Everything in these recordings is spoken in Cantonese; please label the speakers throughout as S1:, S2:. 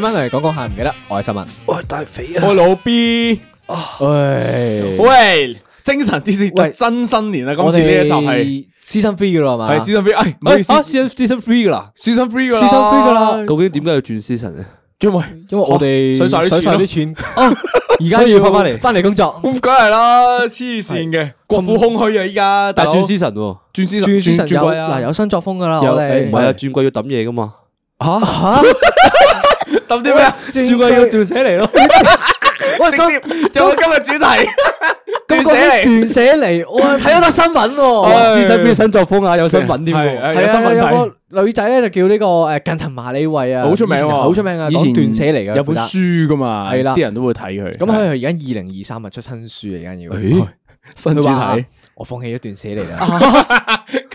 S1: 翻嚟講講下，唔記得我係新聞，係大肥啊，係老 B 喂喂，精神啲先，喂，新新年啊，今次呢就係 Season 3噶啦，係 Season 3哎，啊，Season Season 3噶啦，Season 3噶啦，Season 3噶啦，究竟點解要轉 Season 咧？因為因為我哋洗晒啲錢，洗晒啲錢啊！而家要翻翻嚟，翻嚟工作咁梗係啦，黐線嘅國庫空虛啊！依家但係轉 Season，轉 Season 轉季啊！嗱，有新作風噶啦，我哋唔係啊，轉季要抌嘢噶嘛？吓吓！揼啲咩啊？仲係要斷捨離咯？直接就我今日主題斷捨離，斷捨離。我睇咗個新聞喎，先生邊新作風啊？有新聞添？係有新聞。有個女仔咧就叫呢個誒，近藤麻里惠啊，好出名啊，好出名啊。以前斷捨離噶，有本書噶嘛，係啦，啲人都會睇佢。咁佢而家二零二三啊，出新書啊，而家要。咦？新主題？我放棄咗斷捨離啦。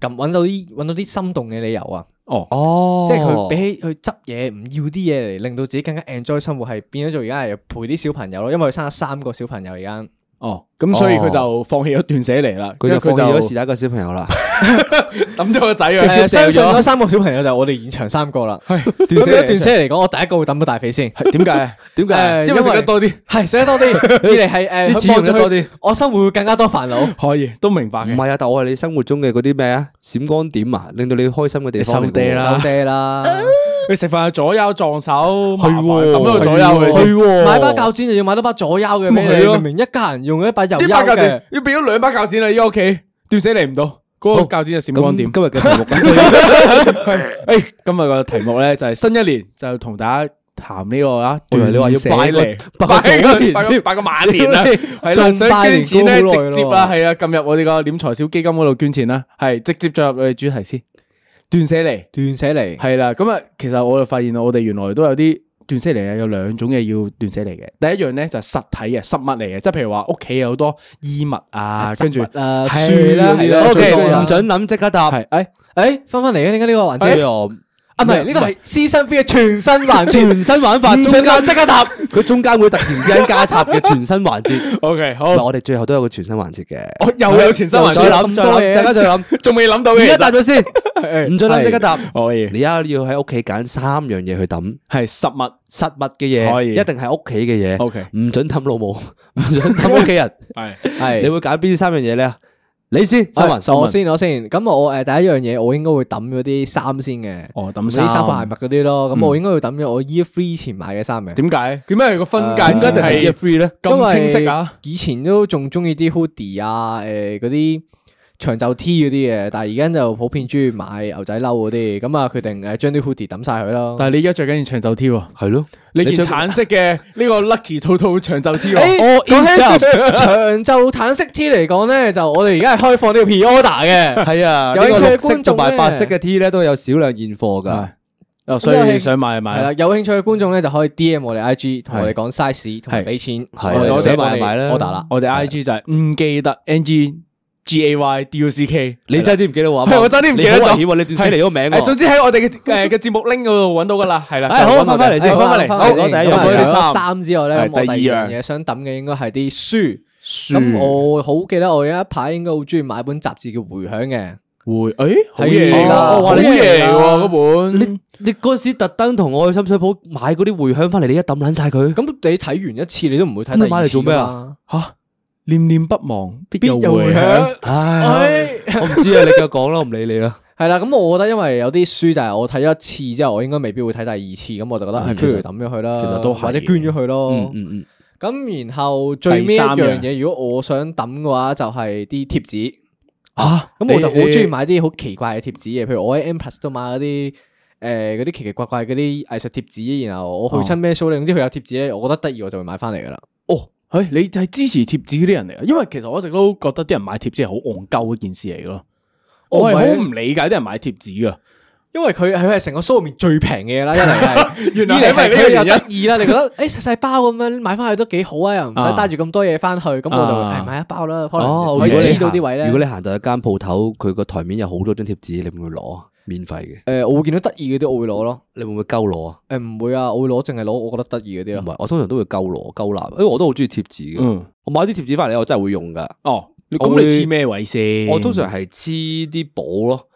S1: 咁揾到啲揾到啲心動嘅理由啊！哦，即係佢比起去執嘢唔要啲嘢嚟，令到自己更加 enjoy 生活，係變咗做而家係陪啲小朋友咯。因為佢生咗三個小朋友而家，哦，咁所以佢就放棄咗斷捨離啦，佢就放棄咗侍第一個小朋友啦。 抌咗個仔，相信三個小朋友就係我哋現場三個啦。斷捨離嚟講，我第一個會抌個大肥先，點解？點解？因為寫多啲，係寫多啲。你哋係誒幫助多啲，我生活會更加多煩惱。可以都明白。唔係啊，但我係你生活中嘅嗰啲咩啊閃光點啊，令到你開心嘅地方。生爹啦，生爹啦。你食飯又左右撞手，係咁多左右嘅，買把鉸剪就要買多把左右嘅咩咯？明明一家人用一把右優嘅，要變咗兩把鉸剪啦。依家屋企斷捨離唔到。嗰個教剪就閃光點、哦，今日嘅題目， 哎，今日嘅題目咧就係、是、新一年就同大家談呢、這個啊，原來你話要拜嚟拜,來拜,拜個拜個拜個馬年 啦，係啦，想捐錢好耐咯，直接啦，係啦，進入我哋個點財小基金嗰度捐錢啦，係直接進入我哋主題先，斷捨離，斷捨離，係啦，咁啊，其實我就發現我哋原來都有啲。斷捨離啊，有兩種嘢要斷捨離嘅。第一樣咧就係實體嘅實物嚟嘅，即係譬如話屋企有好多衣物啊，物啊跟住書嗰啲啦。唔准諗，即啦刻答。誒誒對，翻翻嚟啊！點解呢個環節我？啦
S2: 唔係呢個係
S1: 私生飛嘅全新環節，全新玩法，唔准諗，即刻答。佢中間會突然之間加插嘅全新環節。O K，好。嗱，我哋最後都有個全新環節嘅。我又有全新環節。再諗，再諗，大家再諗，仲未諗到嘅。而家答咗先，唔准諗即刻答。可以。而家要喺屋企揀三樣嘢去抌，係實物實物嘅嘢，一定係屋企嘅嘢。O K，唔准抌老母，唔准抌屋企人。係係，你會揀邊三樣嘢咧？你先，我先，我先。咁我誒、呃、第一樣嘢，我應該會揼咗啲衫先嘅。哦，揼衫。嗰啲衫褲鞋襪嗰啲咯。咁、嗯、我應該會揼咗我 year three 前買嘅衫嘅。點解？點解個分界一定係 year three 咧？咁清晰啊！因為以前都仲中意啲 hoodie 啊，誒嗰啲。長袖 T 嗰啲嘅，但係而家就普遍中意買牛仔褸嗰啲，咁啊決定誒將啲 hoodie 抌晒佢咯。但係你而家著緊件長袖 T 喎，係咯，你件橙色嘅呢個 lucky 套套長袖 T 喎。哦、長袖橙色 T 嚟講咧，就我哋而家係開放呢個 p order 嘅，係啊，有興趣觀眾同埋白色嘅 T 咧都有少量現貨噶，啊、嗯，所以你想買買係啦、嗯。有興趣嘅觀眾咧就可以 D M 我哋 I G 同我哋講 size 同埋俾錢，係想買買啦，order 啦。我哋 I G 就係、是、唔記得 N G。G A Y D U C K，你真係啲唔記得喎，咩？我真係啲唔記得咗。好危險喎，你斷線嚟個名。總之喺我哋嘅誒嘅節目拎嗰度揾到噶啦，係啦。好，翻翻嚟先，翻翻翻翻。好，第三之外咧，第二樣嘢想揼嘅應該係啲書。咁我好記得，我有一排應該好中意買本雜誌叫《回響》嘅。回誒，好嘢啦，好嘢喎嗰本。你你嗰時特登同我去深水埗買嗰啲回響翻嚟，你一抌捻晒佢。咁你睇完一次，你都唔會睇第二次。買嚟做咩啊？吓？念念不忘，必有回響。唉，我唔知啊，你繼續講啦，唔理你啦。係啦，咁我覺得因為有啲書就係我睇咗一次之後，我應該未必會睇第二次，咁我就覺得係不如抌咗佢啦，或者捐咗佢咯。嗯，咁然後最尾三樣嘢，如果我想抌嘅話，就係啲貼紙。啊，咁我就好中意買啲好奇怪嘅貼紙嘅，譬如我喺 Mplus 都買咗啲，誒嗰啲奇奇怪怪嗰啲藝術貼紙，然後我去親咩 show 咧，總之佢有貼紙咧，我覺得得意我就會買翻嚟噶啦。誒、哎，你係支持貼紙嗰啲人嚟啊？因為其實我一直都覺得啲人買貼紙係好戇鳩一件事嚟咯，為我係好唔理解啲人買貼紙噶，因為佢係佢係成個 show 入面最平嘅啦，一係 原來佢又得意啦， 你覺得誒細細包咁樣買翻去都幾好啊，又唔使帶住咁多嘢翻去，咁我就平買一包啦。啊、可能我知道啲位咧。哦、okay, 如果你行到一間鋪頭，佢個台面有好多張貼紙，你會唔會攞啊？免費嘅，誒、呃，我會見到得意嗰啲我會攞咯。你會唔會鳩攞啊？誒、呃，唔會啊，我會攞，淨係攞我覺得得意嗰啲咯。唔係，我通常都會鳩攞鳩立，因為我都好中意貼紙嘅。嗯、我買啲貼紙返嚟，我真係會用噶。哦，咁你黐咩位先？我通常係黐啲簿咯。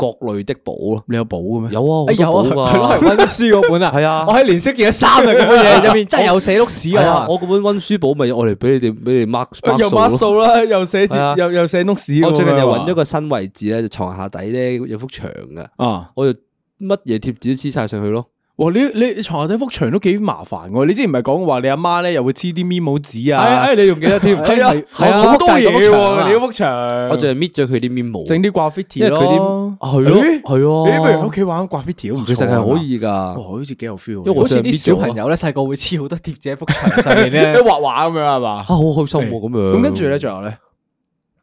S1: 各類的簿咯，你有簿嘅咩？有啊，啊，有啊，係咯，係溫書嗰本啊，係啊，我喺連升見咗三日咁嘅嘢，入面真係有寫碌屎啊！我嗰本溫書簿咪我嚟俾你哋俾你 mark, mark 數又 mark 數啦，又寫字 寫，又又寫碌屎。我最近又搵咗個新位置咧，就 床下底咧有幅牆嘅，啊，我就乜嘢貼紙都黐晒上去咯。哇！你你床下底幅牆都幾麻煩嘅，你之前唔係講話你阿媽咧又會黐啲 memo 紙啊？係你仲記得添？係啊，好多嘢嘅你幅牆。我淨係搣咗佢啲 memo，整啲 graffiti 咯。係咯，係咯。你不如喺屋企玩 graffiti，其實係可以噶。哇，好似幾有 feel。因為好似啲小朋友咧，細個會黐好多貼紙喺幅牆上面咧，一畫畫咁樣係嘛。啊，好開心喎咁樣。咁跟住咧，仲有咧。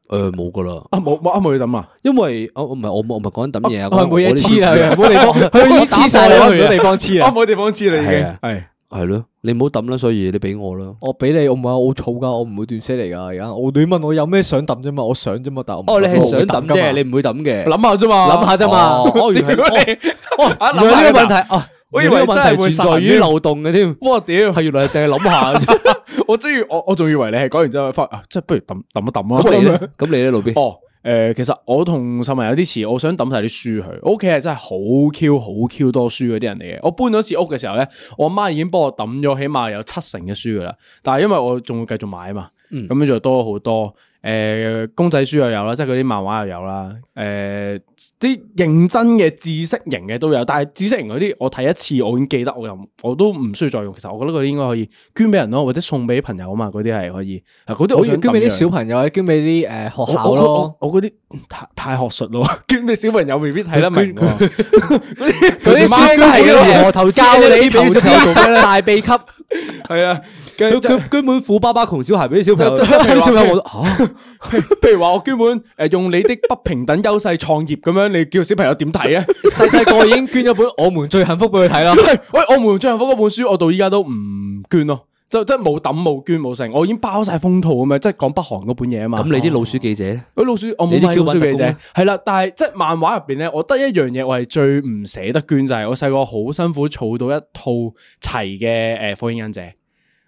S1: 誒，冇噶啦，啊冇冇啊，冇去抌啊，因為我唔係我唔係講抌嘢，啊冇嘢黐啊，冇地方，佢已黐晒你啦，冇地方黐啊，冇地方黐你嘅。係係咯，你唔好抌啦，所以你俾我啦，我俾你，我唔係好嘈噶，我唔會斷線嚟噶而家我你問我有咩想抌啫嘛？我想啫嘛，但係哦你係想抌啫，你唔會抌嘅，諗下啫嘛，諗下啫嘛，點解你有呢個問題啊？我以為真係會存在於漏洞嘅添，哇屌，係原來係淨係諗下。我真我我仲以為你係講完之後翻啊，即係不如抌抌一抌啦。咁你咧？咁你路邊？哦，誒、呃，其實我同細文有啲似，我想抌晒啲書去。我屋企係真係好 Q 好 Q 多書嗰啲人嚟嘅。我搬咗次屋嘅時候咧，我阿媽已經幫我抌咗起碼有七成嘅書噶啦。但係因為我仲會繼續買啊嘛，咁樣就多咗好多。嗯誒、呃，公仔書又有啦，即係嗰啲漫畫又有啦。誒、呃，啲認真嘅知識型嘅都有，但係知識型嗰啲我睇一次我已經記得，我又我都唔需要再用。其實我覺得嗰啲應該可以捐俾人咯，或者送俾朋友啊嘛。嗰啲係可以嗰啲，可以我想捐俾啲小朋友，啊、捐俾啲誒學校咯。我嗰啲太太學術咯，捐俾小朋友未必睇得明，
S2: 啊。嗰啲書係河頭教你投資大
S1: 秘笈，係啊，捐本捐虎巴巴窮小孩俾啲小朋友，啲小朋友我都譬 如話我捐本誒、呃、用你的不平等優勢創業咁樣， 你叫小朋友點睇咧？細細個已經捐咗本《 我們最幸福》俾佢睇啦。喂，《我們最幸福》嗰本書我到依家都唔捐咯，就真冇抌冇捐冇剩。我已經包晒封套咁樣，即係講北韓嗰本嘢啊嘛。咁你啲老鼠記者？喂，老鼠，我冇係老鼠記者，係啦。但係即係漫畫入邊咧，我得一樣嘢我係最唔捨得捐就係，我細個好辛苦儲到一套齊嘅誒《火影忍者》。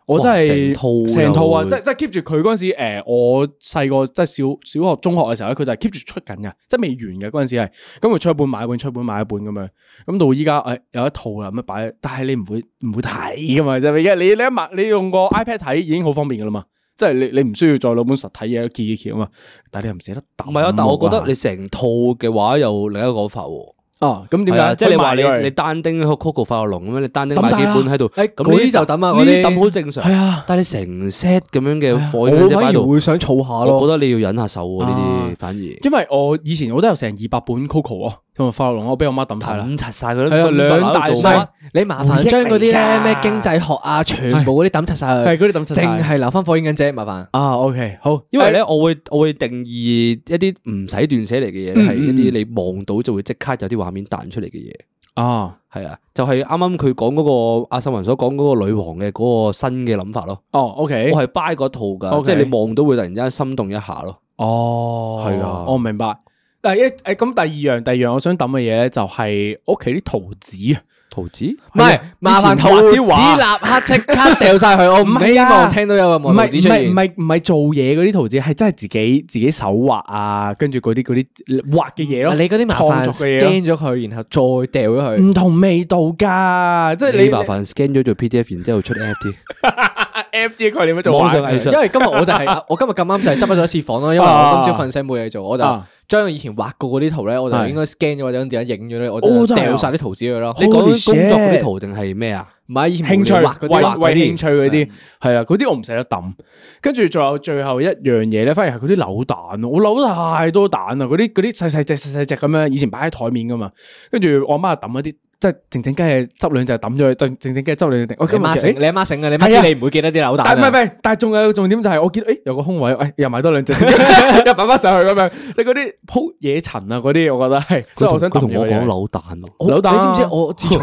S1: 我真係成套啊！即係即係 keep 住佢嗰陣時誒，我細個即係小小學中學嘅時候咧，佢就 keep 住出緊嘅，即係未完嘅嗰陣時係，咁佢出一本買一本，出一本買一本咁樣，咁到依家誒有一套啦咁樣擺，但係你唔會唔會睇噶嘛，嘛？即係你你一買你用個 iPad 睇已經好方便噶啦嘛，即係你你唔需要再攞本實體嘢揭揭揭啊嘛，但係你又唔捨得抌。唔係啊，但係我覺得你成套嘅話又另一個講法喎啊。哦，咁點解？即係對賣你話你你單丁個 Coco 發個龍咁樣，你單丁買幾本喺度，咁呢啲就抌啊，呢啲抌好正常。係啊，但係你成 set 咁樣嘅貨，啊，喺度我反而會想儲下咯。我覺得你要忍下手喎，呢啲反而。因為我以前我都有成二百本 Coco 啊。咁啊！快龍，我俾我媽抌晒啦，抌拆晒佢兩大箱。你麻煩將嗰啲咧咩經濟學啊，全部嗰啲抌拆晒佢，淨係留翻火影忍者。麻煩啊，OK，好，因為咧我會我會定義一啲唔使斷捨離嚟嘅嘢，係一啲你望到就會即刻有啲畫面彈出嚟嘅嘢啊。係啊，就係啱啱佢講嗰個阿秀文所講嗰個女王嘅嗰個新嘅諗法咯。哦，OK，我係 buy 嗰套噶，即係你望到會突然之間心動一下咯。哦，係啊，我明白。第一誒，咁第二樣，第二樣我想抌嘅嘢咧，就係屋企啲圖紙啊，圖紙唔係麻煩畫啲畫，立刻即刻掉晒佢，我唔希望聽到有咁嘅圖紙出現。唔係唔係唔係做嘢嗰啲圖紙，係真係自己自己手畫啊，跟住嗰啲嗰啲畫嘅嘢咯。你嗰啲麻煩 scan 咗佢，然後再掉咗佢，唔同味道噶，即係你麻煩 scan 咗做 PDF，然之後出 A P T，A P T 概念做網上藝術？因為今日我就係我今日咁啱就係執咗一次房咯，因為我今朝瞓醒冇嘢做，我就。將以前畫過嗰啲圖咧，我就應該 scan 咗或者自己影咗咧，我，、啊、我掉晒啲圖紙佢咯。你講啲工作嗰啲圖定係咩啊？唔係以前為興趣畫嗰啲畫啲興趣嗰啲，係啦嗰啲我唔捨得抌。跟住仲有最後一樣嘢咧，反而係嗰啲扭蛋咯，我扭咗太多蛋啊！嗰啲啲細細隻細細隻咁樣，以前擺喺枱面噶嘛，跟住我媽抌一啲。即係靜靜雞係執兩隻抌咗佢，靜靜靜雞執兩隻。O K，你阿媽醒，你阿媽醒啊！你媽知你唔會記得啲扭蛋？唔係唔係，但係仲有個重點就係我見到，誒，有個空位，喂，又買多兩隻，又擺翻上去咁樣。即係嗰啲鋪野塵啊，嗰啲我覺得係，即係我想。佢同我講扭蛋咯，扭蛋。你知唔知我自從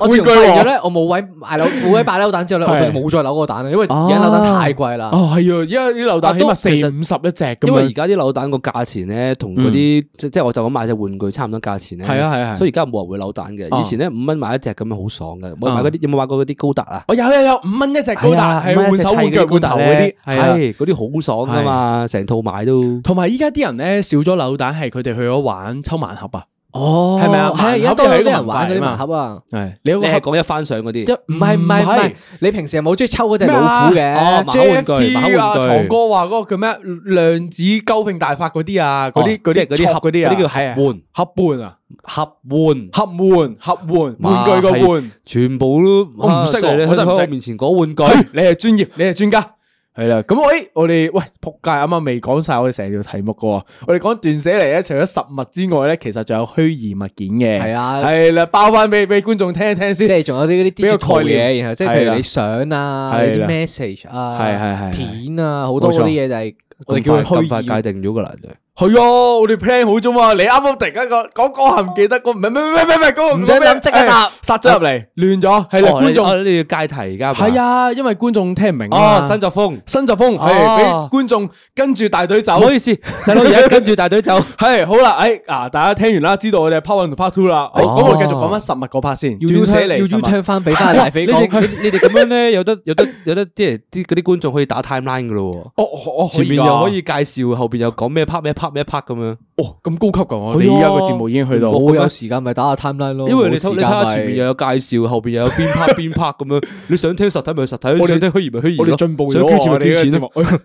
S1: 我自從賣嘅咧，我冇位賣扭冇位擺扭蛋之後咧，我就冇再扭嗰個蛋啦，因為而家扭蛋太貴啦。哦，係啊，而家啲扭蛋起碼四五十一隻咁。因為而家啲扭蛋個價錢咧，同嗰啲即即係，我就咁買隻玩具差唔多價錢咧。係啊係啊，所以而家冇人會扭蛋嘅。以前呢，五蚊買一隻咁樣好爽嘅，買嗰、啊、有冇玩過嗰啲高達啊？有有有五蚊一隻高達，係、啊、滿手滿腳滿頭嗰啲，係嗰啲好爽㗎嘛，成、啊、套買都。同埋依家啲人咧，少咗扭蛋，係佢哋去咗玩抽盲盒啊。哦，係咪啊？係而家都好多人玩嗰啲盲盒啊！係，你係講一番相嗰啲，唔係唔係係，你平時係冇中意抽嗰隻老虎嘅？哦，玩具，玩具？唐哥話嗰個叫咩？量子高平大法嗰啲啊，嗰啲嗰啲即係啲盒嗰啲啊，係啊，換盒換啊，盒換盒換盒換，玩具個換，全部都我唔識啊！你喺我面前講玩具，你係專業，你係專家。係啦，咁、嗯哎、喂，我哋喂，仆街，啱啱未講晒，我哋成條題目噶，我哋講斷捨離咧，除咗實物之外咧，其實仲有虛擬物件嘅，係啊的，係啦，包翻俾俾觀眾聽一聽，聽先，即係仲有啲啲啲概念嘅，然後即係譬的如你相啊，message 啊，係係係片啊，好的錯多啲嘢就係，我哋叫佢虛。係啊，我哋 plan 好咗嘛？你啱啱突然間個講講，係唔記得個唔係唔係唔係唔係唔係，唔使諗即刻答，殺咗入嚟，亂咗係觀眾呢個界題噶。係啊，因為觀眾聽唔明啊。新作風，新作風係俾觀眾跟住大隊走。唔好意思，細佬而家跟住大隊走。係好啦，誒啊，大家聽完啦，知道我哋 part one 同 part two 啦。咁我繼續講翻實物嗰 part 先。要寫嚟，要聽翻俾翻大飛你哋咁樣咧，有得有得有得，即係啲嗰啲觀眾可以打 timeline 噶咯。哦前面又可以介紹，後邊又講咩 part 咩 part。咩 part 咁樣？哦，咁高級噶你依家個節目已經去到，我有時間咪打下 timeline 咯。因為你睇下前面又有介紹，後邊又有邊 part 邊 part 咁樣。你想聽實體咪去實體，你想聽虛擬咪虛擬咯。我哋進步咗，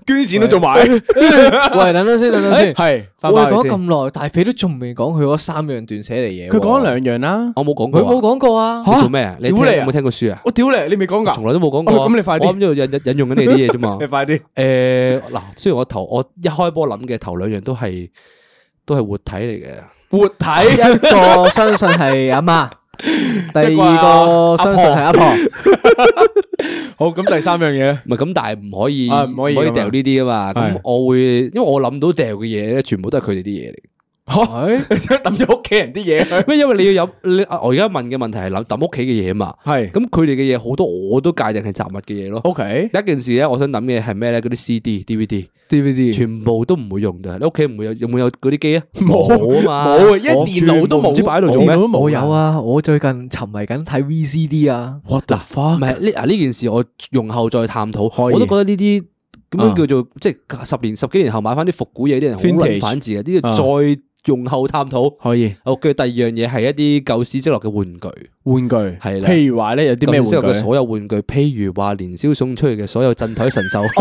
S1: 捐錢都做埋。喂，等等先，等等先，係我講咁耐，大肥都仲未講佢嗰三樣斷捨離嘢。佢講咗兩樣啦，我冇講過，佢冇講過啊。吓？做咩？你聽有冇聽過書啊？我屌你，你未講噶？從來都冇講過。咁你快啲！我喺度引引用緊你啲嘢啫嘛。你快啲。誒，嗱，雖然我頭我一開波諗嘅頭兩樣都係。係都係活體嚟嘅，活體一個相信係阿媽，
S2: 第二個相信係阿婆。
S1: 好，咁，第三樣嘢咧，唔係咁，但係唔可以唔、啊、可以，可以掉呢啲啊嘛。咁我會，的因為我諗到掉嘅嘢咧，全部都係佢哋啲嘢嚟嘅。吓，抌咗屋企人啲嘢，咩？因為你要有你，我而家問嘅問題係諗抌屋企嘅嘢嘛。係，咁佢哋嘅嘢好多我都界定係雜物嘅嘢咯。O K，第一件事咧，我想諗嘅係咩咧？嗰啲 C D、D V D、D V D，全部都唔會用嘅。你屋企唔會有有冇有嗰啲機啊？冇啊嘛，冇，因為電腦都冇，唔知擺喺度做咩？冇有啊，我最近沉迷緊睇 V C D 啊。What the fuck？唔係呢，啊，呢件事我用後再探討。我都覺得呢啲咁樣叫做即係十年、十幾年後買翻啲複古嘢啲人好難反字嘅，啲再。用後探討可以，我嘅、okay, 第二樣嘢係一啲舊時積落嘅玩具，玩具係啦，譬如話咧，有啲咩玩具，所有玩具，譬如話年宵送出去嘅所有鎮台神獸。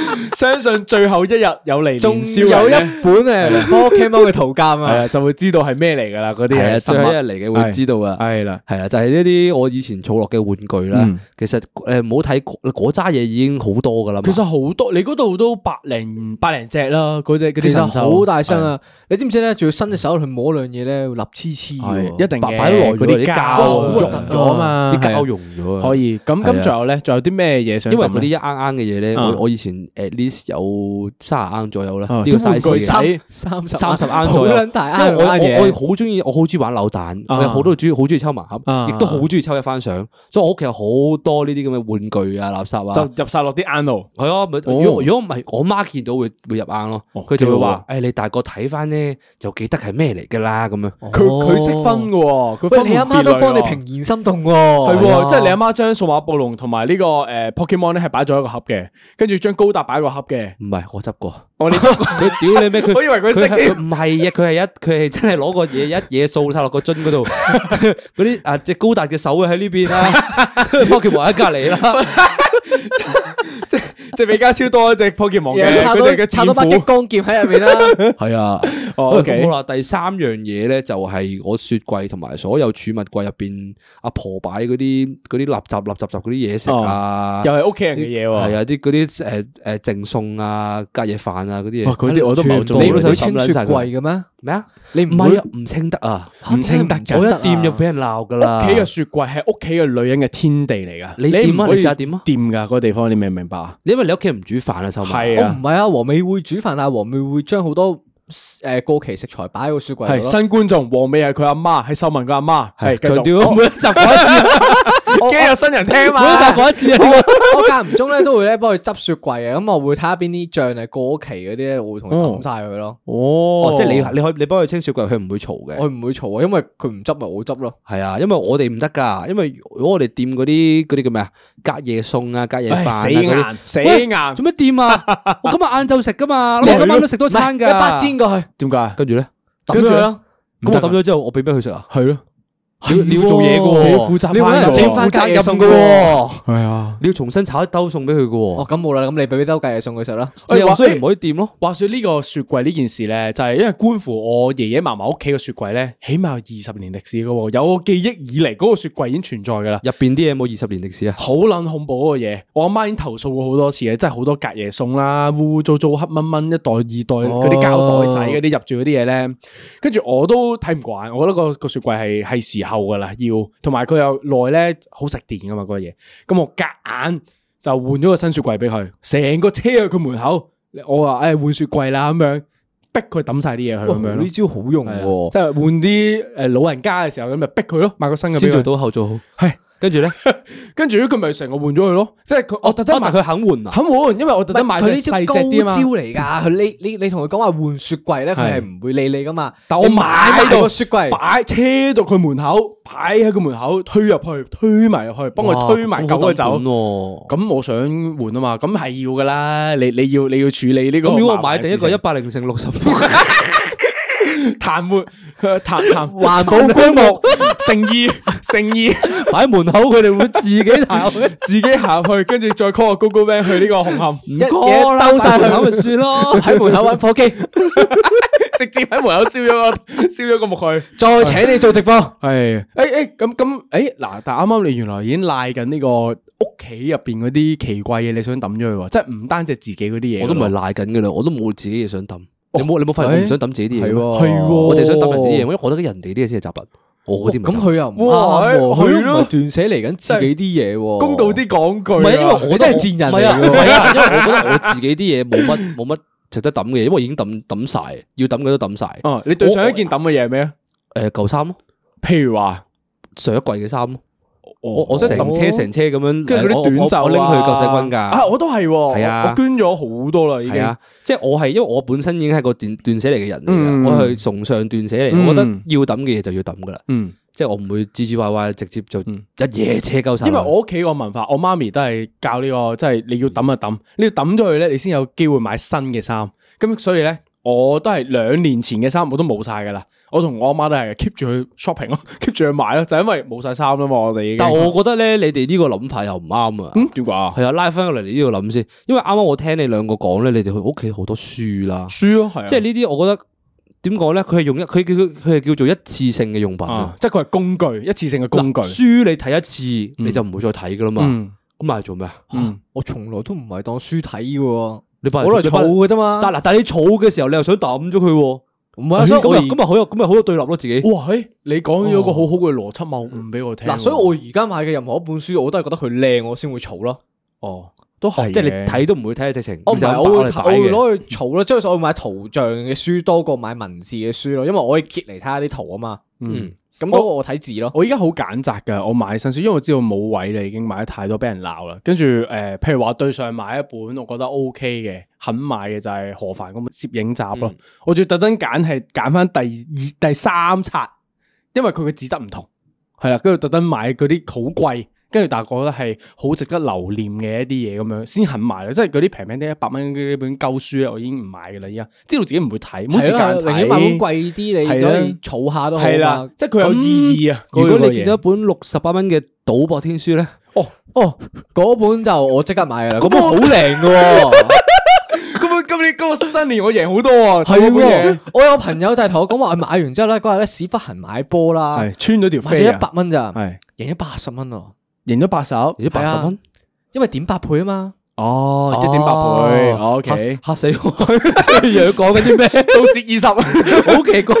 S1: 相信最後一日有嚟年宵，仲有一本誒 Pokemon 嘅圖鑑啊，就會知道係咩嚟噶啦，嗰啲係啊，最後一日嚟嘅會知道啊，係啦，係啦，就係呢啲我以前儲落嘅玩具啦。其實誒，唔好睇果渣嘢已經好多噶啦。其實好多，你嗰度都百零百零隻啦，嗰隻嗰啲好大聲啊！你知唔知咧？仲要伸隻手去摸兩嘢咧，會立黐黐嘅，一定嘅。白牌都耐住嚟啲膠融咗啊嘛，啲膠融咗。可以咁，咁仲有咧？仲有啲咩嘢想？因為啲一啱啱嘅嘢咧，我我以前誒。有卅盎左右啦，呢晒四仔三十、三十盎左右。我我好中意，我好中意玩扭蛋，我好多，主要好中意抽盲盒，亦都好中意抽一番賞。所以我屋企有好多呢啲咁嘅玩具啊、垃圾啊，就入晒落啲盎咯。係啊，如果唔係，我媽見到會會入盎咯。佢就會話：誒，你大個睇翻咧，就記得係咩嚟噶啦。咁樣，佢佢識分㗎。喂，你阿媽都幫你怦然心動喎，係即係你阿媽將數碼暴龍同埋呢個誒 Pokemon 咧係擺咗一個盒嘅，跟住將高達擺喺。合嘅，唔係我執過，我你佢，屌你咩？佢我以為佢食，唔係呀，佢係一佢係真係攞個嘢一嘢掃晒落個樽嗰度，嗰啲啊隻高達嘅手啊喺呢邊啦，破劍王喺隔籬啦，即即比家超多一隻破劍王嘅，插多把啲光劍喺入面啦，係啊，ok 好啦，第三樣嘢咧就係我雪櫃同埋所有儲物櫃入邊阿婆擺嗰啲嗰啲垃圾垃圾雜啲嘢食啊，又係屋企人嘅嘢喎，係啊啲嗰啲誒誒剩。送啊，隔夜飯啊，嗰啲嘢。佢啲那些 全我都冇做。你唔會，會，會清雪櫃嘅咩？咩啊？你唔係唔清得啊？唔清得，我一掂就俾人鬧噶啦。屋企嘅雪櫃係屋企嘅女人嘅天地嚟噶。你試下啊？掂可以掂噶嗰個地方，你明唔明白啊？你因為你屋企唔煮飯啊，收埋。我唔係啊，黃、哦啊、美會煮飯啊，黃美會將好多。誒，過期食材擺喺個雪櫃。係新觀眾，黃尾係佢阿媽，係秀文嘅阿媽。係強調每一集嗰一次，驚有新人聽嘛。每一集嗰一次，我間唔中咧都會咧幫佢執雪櫃啊。咁我會睇下邊啲醬係過期嗰啲咧，我會同佢抌晒佢咯。哦，即係你你可以你幫佢清雪櫃，佢唔會嘈嘅。佢唔會嘈啊，因為佢唔執咪我執咯。係啊，因為我哋唔得噶，因為如果我哋掂嗰啲啲叫咩啊，隔夜餸啊，隔夜飯死硬死硬，做乜掂啊？我今日晏晝食噶嘛，我今晚都食多餐噶。咁係點解？跟住咧，跟住咧，咁我抌咗之後，我俾咩佢食啊？係咯。你要做嘢嘅，你要負責，你要搵人整翻隔夜餸嘅，係啊，你要重新炒一兜送俾佢嘅。哦，咁冇啦，咁你俾啲兜隔夜餸佢食啦。所以唔可以掂咯。話說呢個雪櫃呢件事咧，就係因為關乎我爺爺嫲嫲屋企嘅雪櫃咧，起碼有二十年歷史嘅。有我記憶以嚟嗰個雪櫃已經存在嘅啦。入邊啲嘢冇二十年歷史啊，好捻恐怖嗰個嘢。我阿媽已經投訴過好多次嘅，真係好多隔夜餸啦，污糟糟、黑蚊蚊、一袋二袋嗰啲膠袋仔嗰啲入住嗰啲嘢咧，跟住我都睇唔慣。我覺得個個雪櫃係係時夠噶啦，要同埋佢又耐咧，好食電噶嘛，嗰嘢，咁、那個、我夾硬就換咗個新雪櫃俾佢，成個車去佢門口，我話誒換雪櫃啦咁樣，逼佢抌晒啲嘢去咁樣。呢招好用喎，即係換啲誒老人家嘅時候咁咪逼佢咯，買個新嘅。先做到後做好。係。跟住咧，跟住佢咪成個換咗佢咯，即係佢，我特登買佢肯換啊肯換，因為我特登買佢細隻啲啊嘛高招嚟噶，佢你你你同佢講話換雪櫃咧，佢係唔會理你噶嘛。但我買呢個雪櫃，擺車到佢門口，擺喺個門口，推入去，推埋入去，幫佢推埋九個走。咁我想換啊嘛，咁係要噶啦，你你要你要處理呢個。如果我買第一個一百零乘六十。彈門，彈彈環保棺木，誠意誠意喺門口，佢哋會自己行，自己行去，跟住再 call 個 Google man 去呢個紅磡，一嘢兜晒去門口咪算咯，喺門口揾火機，直接喺門口燒咗個燒咗個木去，再請你做直播。係，誒誒，咁咁，誒嗱，但啱啱你原來已經賴緊呢個屋企入邊嗰啲奇怪嘢，你想抌咗佢喎，即係唔單止自己嗰啲嘢，我都唔係賴緊噶啦，我都冇自己嘢想抌。你冇你冇發現我唔想抌自己啲嘢咩？係我淨係想抌人哋啲嘢，因為我覺得人哋啲嘢先係雜物，我嗰啲唔。咁佢又唔係，係咯？斷捨嚟緊自己啲嘢，公道啲講句。唔係，因為我真係賤人嚟嘅。唔係啊，因為我覺得我自己啲嘢冇乜冇乜值得抌嘅嘢，因為已經抌抌晒，要抌佢都抌晒。哦，你對上一件抌嘅嘢係咩？誒，舊衫咯，譬如話上一季嘅衫咯。我我成車成車咁樣，跟住啲短袖拎、啊、去救世軍噶。啊，我都係，係啊，啊我捐咗好多啦，已經。啊、即係我係，因為我本身已經係個斷斷捨離嘅人嚟噶，嗯、我去崇尚斷捨離。嗯、我覺得要抌嘅嘢就要抌噶啦。嗯，即係我唔會吱吱歪歪，直接就一夜車鳩晒。嗯、因為我屋企個文化，我媽咪都係教呢、這個，即、就、係、是、你要抌一抌，你要抌咗佢咧，你先有機會買新嘅衫。咁所以咧。我都係兩年前嘅衫，我都冇晒噶啦。我同我阿媽都係 keep 住去 shopping 咯，keep 住去買咯，就因為冇晒衫啊嘛，我哋但我覺得咧，你哋呢個諗法又唔啱啊。咁點解啊？係啊，拉翻過嚟你呢度諗先，因為啱啱我聽你兩個講咧，你哋去屋企好多書啦。書啊，係、啊，即係呢啲，我覺得點講咧？佢係用一，佢叫佢，佢係叫做一次性嘅用品啊，即係佢係工具，一次性嘅工具。書你睇一次，嗯、你就唔會再睇噶啦嘛。咁買做咩啊？我從來都唔係當書睇嘅、啊。你唔係我嚟儲嘅啫嘛？但嗱，但你儲嘅時候，你又想抌咗佢喎？唔係咁咪咁咪好有，咁咪好有對立咯，自己。哇，你講咗個好好嘅邏輯謬誤俾我聽。嗱，所以我而家買嘅任何一本書，我都係覺得佢靚，我先會儲咯。哦，都係，即係你睇都唔會睇直情。我唔係，我會我會攞去儲咯，即係所以買圖像嘅書多過買文字嘅書咯，因為我可以揭嚟睇下啲圖啊嘛。嗯。咁嗰個我睇字咯。我依家好揀擇噶，我買新書，因為我知道冇位啦，已經買得太多，俾人鬧啦。跟住誒，譬如話對上買一本，我覺得 OK 嘅，肯買嘅就係何凡嗰本攝影集咯。嗯、我仲要特登揀係揀翻第二、第三冊，因為佢嘅紙質唔同，係啦，跟住特登買嗰啲好貴。跟住大家覺得係好值得留念嘅一啲嘢咁樣，先肯買啦。即係嗰啲平平啲一百蚊呢本舊書咧，我已經唔買噶啦。依家知道自己唔會睇，冇時間睇。寧願買本貴啲嚟，可以儲下都好啊。即係佢有意義啊！如果你見到一本六十八蚊嘅《賭博天書》咧，哦哦，嗰本就我即刻買噶啦。嗰本好靚噶。今今年今個新年我贏好多啊！係我有朋友就係同我講話，買完之後咧嗰日咧屎忽痕買波啦，係穿咗條，買咗一百蚊咋，係贏咗八十蚊。贏咗八十，贏咗八十蚊，因為點八倍啊嘛。哦，一、哦、點八倍，O K，嚇死我。又講緊啲咩？到時二十，好奇怪。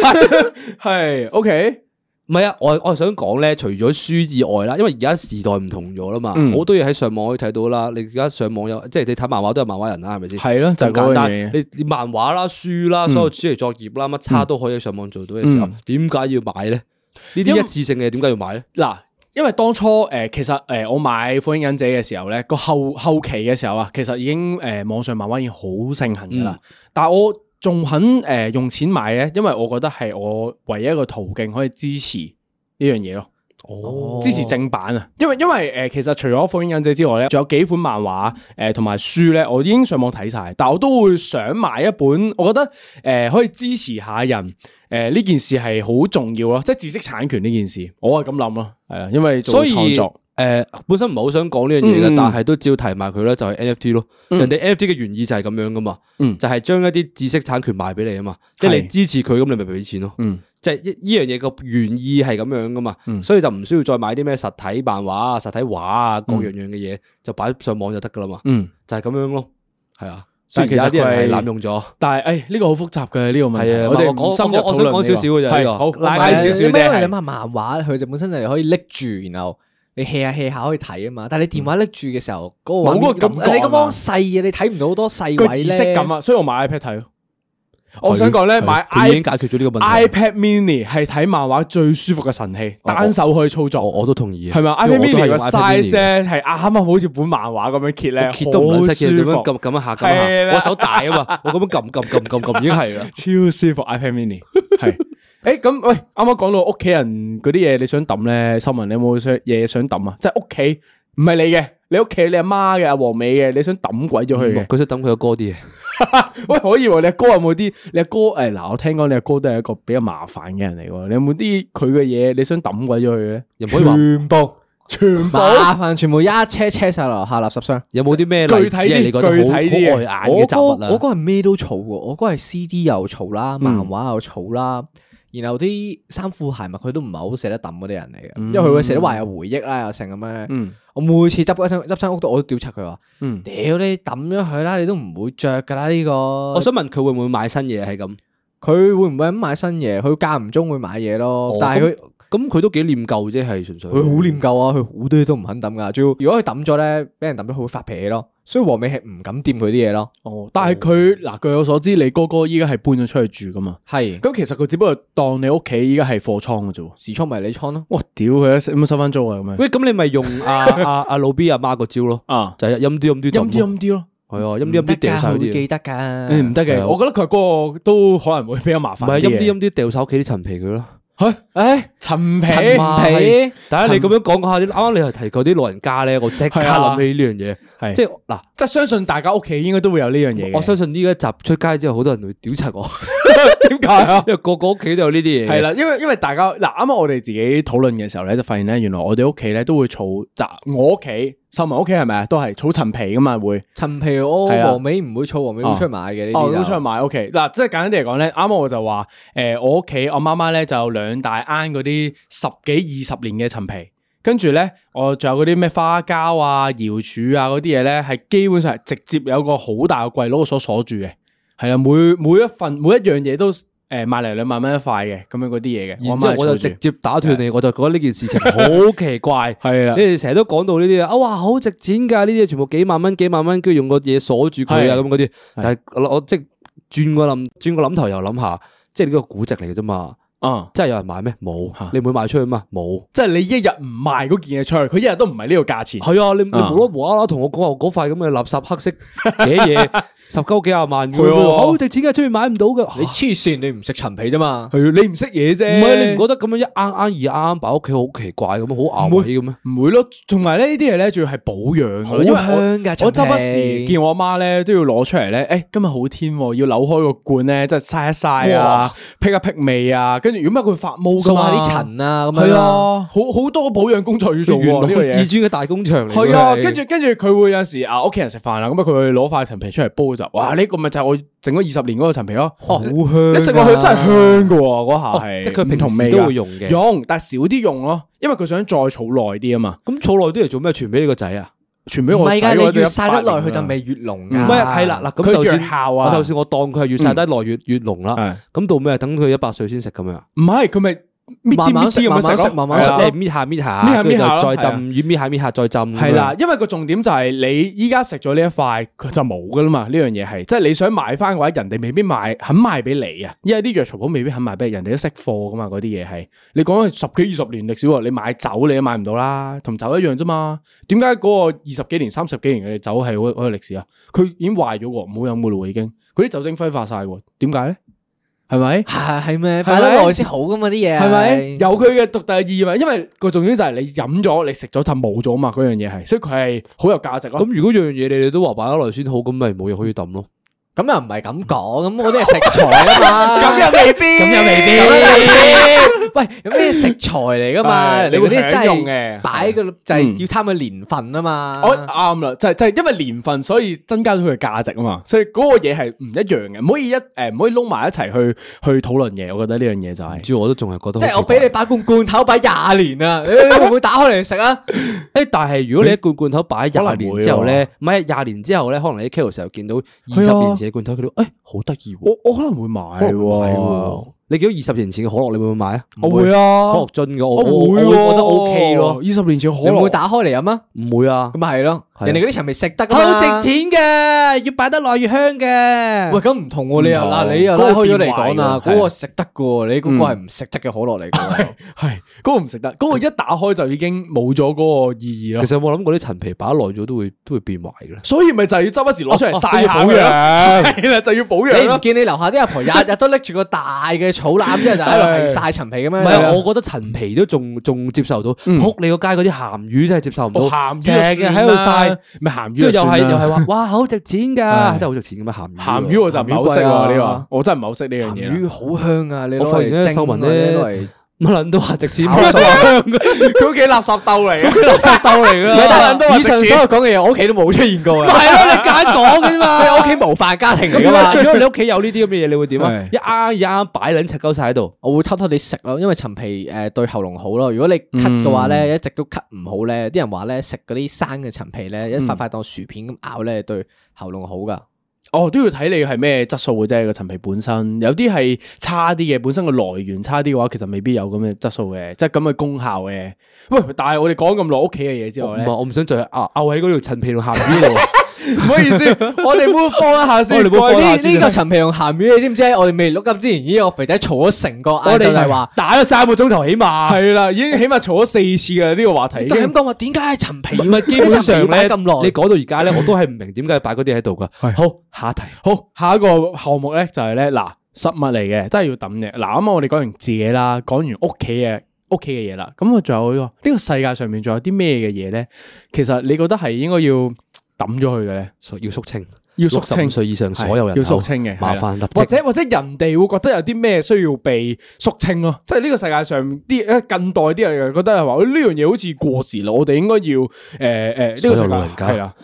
S1: 係，O K，唔係啊，我我係想講咧，除咗書之外啦，因為而家時代唔同咗啦嘛，好、嗯、多嘢喺上網可以睇到啦。你而家上網有，即係你睇漫畫都有漫畫人啦，係咪先？係咯、啊，就係、是、咁簡單。你漫畫啦、書啦，所有主題作業啦、乜叉、嗯、都可以喺上網做到嘅時候，點解、嗯、要買咧？呢啲一次性嘅點解要買咧？嗱。因為當初誒、呃，其實誒、呃，我買《火影忍者》嘅時候咧，個後後期嘅時候啊，其實已經誒、呃、網上漫畫已經好盛行噶啦。嗯、但係我仲肯誒用錢買嘅，因為我覺得係我唯一一個途徑可以支持呢樣嘢咯。哦，支持正版啊！因為因為誒、呃，其實除咗《火影忍者》之外咧，仲有幾款漫畫誒同埋書咧，我已經上網睇晒。但我都會想買一本，我覺得誒、呃呃、可以支持下人。誒，呢、呃、件事係好重要咯，即係知識產權呢件事，我係咁諗咯，係啊，因為做創作所以，誒、呃，本身唔係好想講呢、嗯、樣嘢嘅，但係都照要提埋佢啦，就係、是、NFT 咯，人哋 NFT 嘅原意就係咁樣噶嘛，嗯、就係將一啲知識產權賣俾你啊嘛，嗯、即係你支持佢咁，你咪俾錢咯，嗯、即係呢依樣嘢個原意係咁樣噶嘛，嗯、所以就唔需要再買啲咩實體漫畫、實體畫啊，各樣樣嘅嘢、嗯、就擺上網就得噶啦嘛，就係、是、咁樣咯，係啊。但其實佢係濫用咗。但係誒呢個好複雜嘅呢的、呢個問題。我哋深入討論少少嘅就係呢個。少少啫，是因為你諗下漫畫，佢就本身就係可以拎住，然後你 hea 下 hea 下可以睇啊嘛。但係你電話拎住嘅時候，嗰、嗯、個你咁樣細嘅，你睇唔到好多細嘅知識咁啊，所以我買 iPad 睇。
S2: 我想講咧，買
S1: iPad mini 係睇漫畫最舒服嘅神器，單手可以操作。我，我，我都同意。係咪 iPad mini 個 size 係啱啱好似本漫畫咁樣揭咧，揭都好識嘅，點樣一下，撳的我手大啊嘛， 我咁樣撳撳撳撳撳，已經係啦，超舒服 iPad mini 係。誒、 欸，咁喂，啱啱講到屋企人嗰啲嘢，你想抌咧，秀文，你有冇想嘢想抌啊？即係屋企。唔係你嘅，你屋企你阿媽嘅阿黃尾嘅，你想抌鬼咗佢？佢、嗯、想抌佢個哥啲嘢。喂，可以，你阿哥有冇啲？你阿哥誒，嗱、哎，我聽講你阿哥都係一個比較麻煩嘅人嚟嘅。你有冇啲佢嘅嘢？你想抌鬼咗佢咧？又唔可以話全部，全部麻煩，全部一車車晒落下垃圾箱。有冇啲咩具體啲？具體啲礙眼嘅雜物啊？我哥係咩都嘈嘅，我哥係 CD 又嘈啦，漫畫又嘈啦。嗯然後啲衫褲鞋襪佢都唔係好捨得抌嗰啲人嚟嘅，嗯、因為佢會成日話有回憶啦，又成咁樣。我每次執一執新屋都，我都調查佢話，屌、嗯、你抌咗佢啦，你都唔會着噶啦呢個。我想問佢會唔會買新嘢係咁？佢會唔會咁買新嘢？佢間唔中會買嘢咯，哦、但係佢。咁佢都幾念舊啫，係純粹佢好念舊啊！佢好多嘢都唔肯抌噶，仲要如果佢抌咗咧，俾人抌咗，佢會發脾氣咯。所以黃尾係唔敢掂佢啲嘢咯。哦，但係佢嗱，據我所知，你哥哥依家係搬咗出去住噶嘛？係。咁其實佢只不過當你屋企依家係貨倉嘅啫，時倉迷你倉咯。哇，屌佢啊！有冇收翻租啊？咁樣？喂，咁你咪用阿阿阿老 B 阿媽個招咯，就陰啲陰啲掉。陰啲陰啲咯。係啊，陰啲陰啲掉晒啲。大家會記得噶。唔得嘅，我覺得佢嗰個都可能會比較麻煩。咪陰啲陰啲掉晒屋企啲陳皮佢咯。誒，陳皮，陳皮，但係你咁樣講下，啱啱陳你係提及啲老人家咧，我立刻想這的即刻諗起呢樣嘢，即係嗱。即係相信大家屋企應該都會有呢樣嘢。我相信呢一集出街之後，好多人會屌柒我 麼。點解啊？因為個個屋企都有呢啲嘢。係啦，因為因為大家嗱，啱啱我哋自己討論嘅時候咧，就發現咧，原來我哋屋企咧都會儲雜。我屋企、秀文屋企係咪啊？都係儲陳皮噶嘛，會陳皮。我黃尾唔會儲，黃尾、哦、的會，會出去買嘅呢啲。哦，會、哦、出去買屋企。嗱，okay，即係簡單啲嚟講咧，啱啱我就話誒、呃，我屋企我媽媽咧就有兩大罌嗰啲十幾二十年嘅陳皮。跟住咧，我仲有嗰啲咩花膠啊、瑤柱啊嗰啲嘢咧，係基本上係直接有個好大個櫃，攞個鎖鎖住嘅，係啊，每每一份、每一樣嘢都誒賣嚟兩萬蚊一塊嘅，咁樣嗰啲嘢嘅。然之後我就直接打斷你，是的 我就覺得呢件事情好奇怪。係啦 是的，你哋成日都講到呢啲啊，哇，好值錢噶！呢啲全部幾萬蚊、幾萬蚊，跟住用個嘢鎖住佢啊，咁嗰啲。的的但係我即係轉個諗，轉個諗頭又諗下，即係呢個估值嚟嘅啫嘛。啊，真係有人買咩？冇，你唔會賣出去嘛？冇，即係你一日唔賣嗰件嘢出去，佢一日都唔係呢個價錢。係啊，你你無啦無啦同我講話嗰塊咁嘅垃圾黑色嘅嘢，十九幾廿萬嘅喎，好值錢嘅，出去買唔到嘅。你黐線，你唔食陳皮啫嘛？係啊，你唔識嘢啫。唔係，你唔覺得咁樣一啱啱二啱啱擺屋企好奇怪咁，好牛皮嘅咩？唔會咯，同埋呢啲嘢咧，仲要係保養好香嘅。我周不時見我阿媽咧都要攞出嚟咧，誒，今日好天，要扭開個罐咧，即係嘥一嘥啊，辟一辟味啊，如果咩佢發毛噶嘛，啲塵啊，咁係啊，樣好好多保養工作要做，啊，好自尊嘅大工場嚟。係啊，啊是跟住跟住佢會有時啊，屋企人食飯啦，咁啊佢攞塊陳皮出嚟煲就，哇呢、這個咪就係我整咗二十年嗰個陳皮咯，好香，啊哦，你食落去真係香噶，嗰下、哦、即係佢平同味都會用嘅，用但係少啲用咯，因為佢想再儲耐啲啊嘛。咁儲耐啲嚟做咩？傳俾你個仔啊？唔係㗎，你越曬得耐，佢就未越濃、啊。唔係，係啦，嗱，咁就算，就算我，我當佢係越曬得耐越、嗯、越濃啦。咁到尾等佢一百歲先食咁樣。唔係，佢咪。搣啲搣啲，慢慢食，慢慢食，即係搣下搣下，搣下搣下再浸，越搣下搣下再浸。係啦，因為個重點就係你依家食咗呢一塊，佢就冇噶啦嘛。呢樣嘢係，即係你想買翻嘅話，人哋未必賣，肯賣俾你啊。因為啲藥材鋪未必肯賣俾人哋，都識貨噶嘛。嗰啲嘢係，你講佢十幾二十年歷史，你買酒你都買唔到啦，同酒一樣啫嘛。點解嗰個二十幾年、三十幾年嘅酒係嗰嗰個歷史啊？佢已經壞咗喎，唔好飲噶咯，已經。嗰啲酒精揮發晒，點解咧？係咪？係係咩？擺得耐先好㗎嘛啲嘢。係咪吧吧有佢嘅獨特意義咪？因為個重點就係你飲咗，你食咗就冇咗嘛。嗰樣嘢係，所以佢係好有價值咯。咁如果樣嘢你哋都話擺得耐先好，咁咪冇嘢可以抌咯。咁又唔係咁講，咁我啲係食材啊嘛。咁 又未必。咁 又未必。 喂，有咩食材嚟噶嘛？你嗰啲真用嘅，擺嘅就係要貪佢年份啊嘛。啱啦，就係就係因為年份，所以增加咗佢嘅價值啊嘛。所以嗰個嘢係唔一樣嘅，唔可以一誒唔可以撈埋一齊去去討論嘢。我覺得呢樣嘢就係。主要我都仲係覺得，即係我俾你擺罐罐頭擺廿年啊，你會唔會打開嚟食啊？誒，但係如果你一罐罐頭擺廿年之後咧，唔係廿年之後咧，可能你喺 KTV 時候見到二十年嘅罐頭，佢都，誒好得意，我我可能會買。你見到二十年前嘅可樂，你會唔會買啊？我會啊，可樂樽嘅我會，我覺得 OK 咯。二十年前可樂，你會打開嚟飲啊？唔會啊，咁咪係咯。人哋嗰啲陳皮食得噶，好值錢嘅，要擺得耐越香嘅。喂，咁唔同喎，你又嗱，你又打開咗嚟講啊！嗰個食得嘅，你嗰個係唔食得嘅可樂嚟嘅，係嗰個唔食得，嗰個一打開就已經冇咗嗰個意義咯。其實我諗嗰啲陳皮擺耐咗都會都會變壞嘅。所以咪就係要周不時攞出嚟曬下佢，就要保養。你唔見你樓下啲阿婆日日都拎住個大嘅？肚腩一係，就喺度曬陳皮咁樣。唔係，我覺得陳皮都仲仲接受到，撲你個街嗰啲鹹魚真係接受唔到。鹹魚嘅喺度曬，咩鹹魚？又係又係話，哇！好值錢㗎，真係好值錢咁啊！鹹魚，鹹魚我就唔好識喎，你話我真係唔係好識呢樣嘢。鹹魚好香啊！你攞嚟蒸咧。乜人都話值錢，佢屋企垃圾兜嚟，嘅！ 垃圾兜嚟噶。以上所有講嘅嘢，我屋企都冇出現過啊。係咯、 啊，你揀講嘅嘛。你屋企模範家庭嚟噶嘛？如果你屋企有呢啲咁嘅嘢，你會點啊？一啱一啱擺卵，拆鳩晒喺度，我會偷偷哋食咯，因為陳皮誒對喉嚨好咯。如果你咳嘅話咧，一直都咳唔好咧，啲人話咧食嗰啲生嘅陳皮咧，一塊塊當薯片咁咬咧，對喉嚨好噶。哦，都要睇你係咩質素嘅啫，個陳皮本身有啲係差啲嘅，本身個來源差啲嘅話，其實未必有咁嘅質素嘅，即係咁嘅功效嘅。喂，但係我哋講咁耐屋企嘅嘢之後咧，我唔想再拗喺嗰條陳皮龍下面度。唔好意思， 我哋 move 放一下先。呢呢個陳皮同鹹魚，你知唔知？我哋未錄音之前，已經個肥仔嘈咗成個，我哋就係話打咗三個鐘頭，起碼係啦，已經起碼嘈咗四次啦。呢、這個話題就咁講，話點解陳皮唔係 基本上擺咁耐？你講到而家咧，我都係唔明點解擺嗰啲喺度噶。 好，下一題，好下一個項目咧就係咧嗱，實物嚟嘅，真係要抌嘅。嗱，咁我哋講完自己啦，講完屋企嘅屋企嘅嘢啦，咁我仲有呢個呢、這個世界上面仲有啲咩嘅嘢咧？其實你覺得係應該要？抌咗佢嘅咧，要肅清，要肅清，六十五歲以上所有人要肅清嘅，麻煩或者或者人哋會覺得有啲咩需要被肅清咯，即係呢個世界上啲近代啲人又覺得話，呢樣嘢好似過時啦，我哋應該要誒誒，所有老人家
S2: 係啊，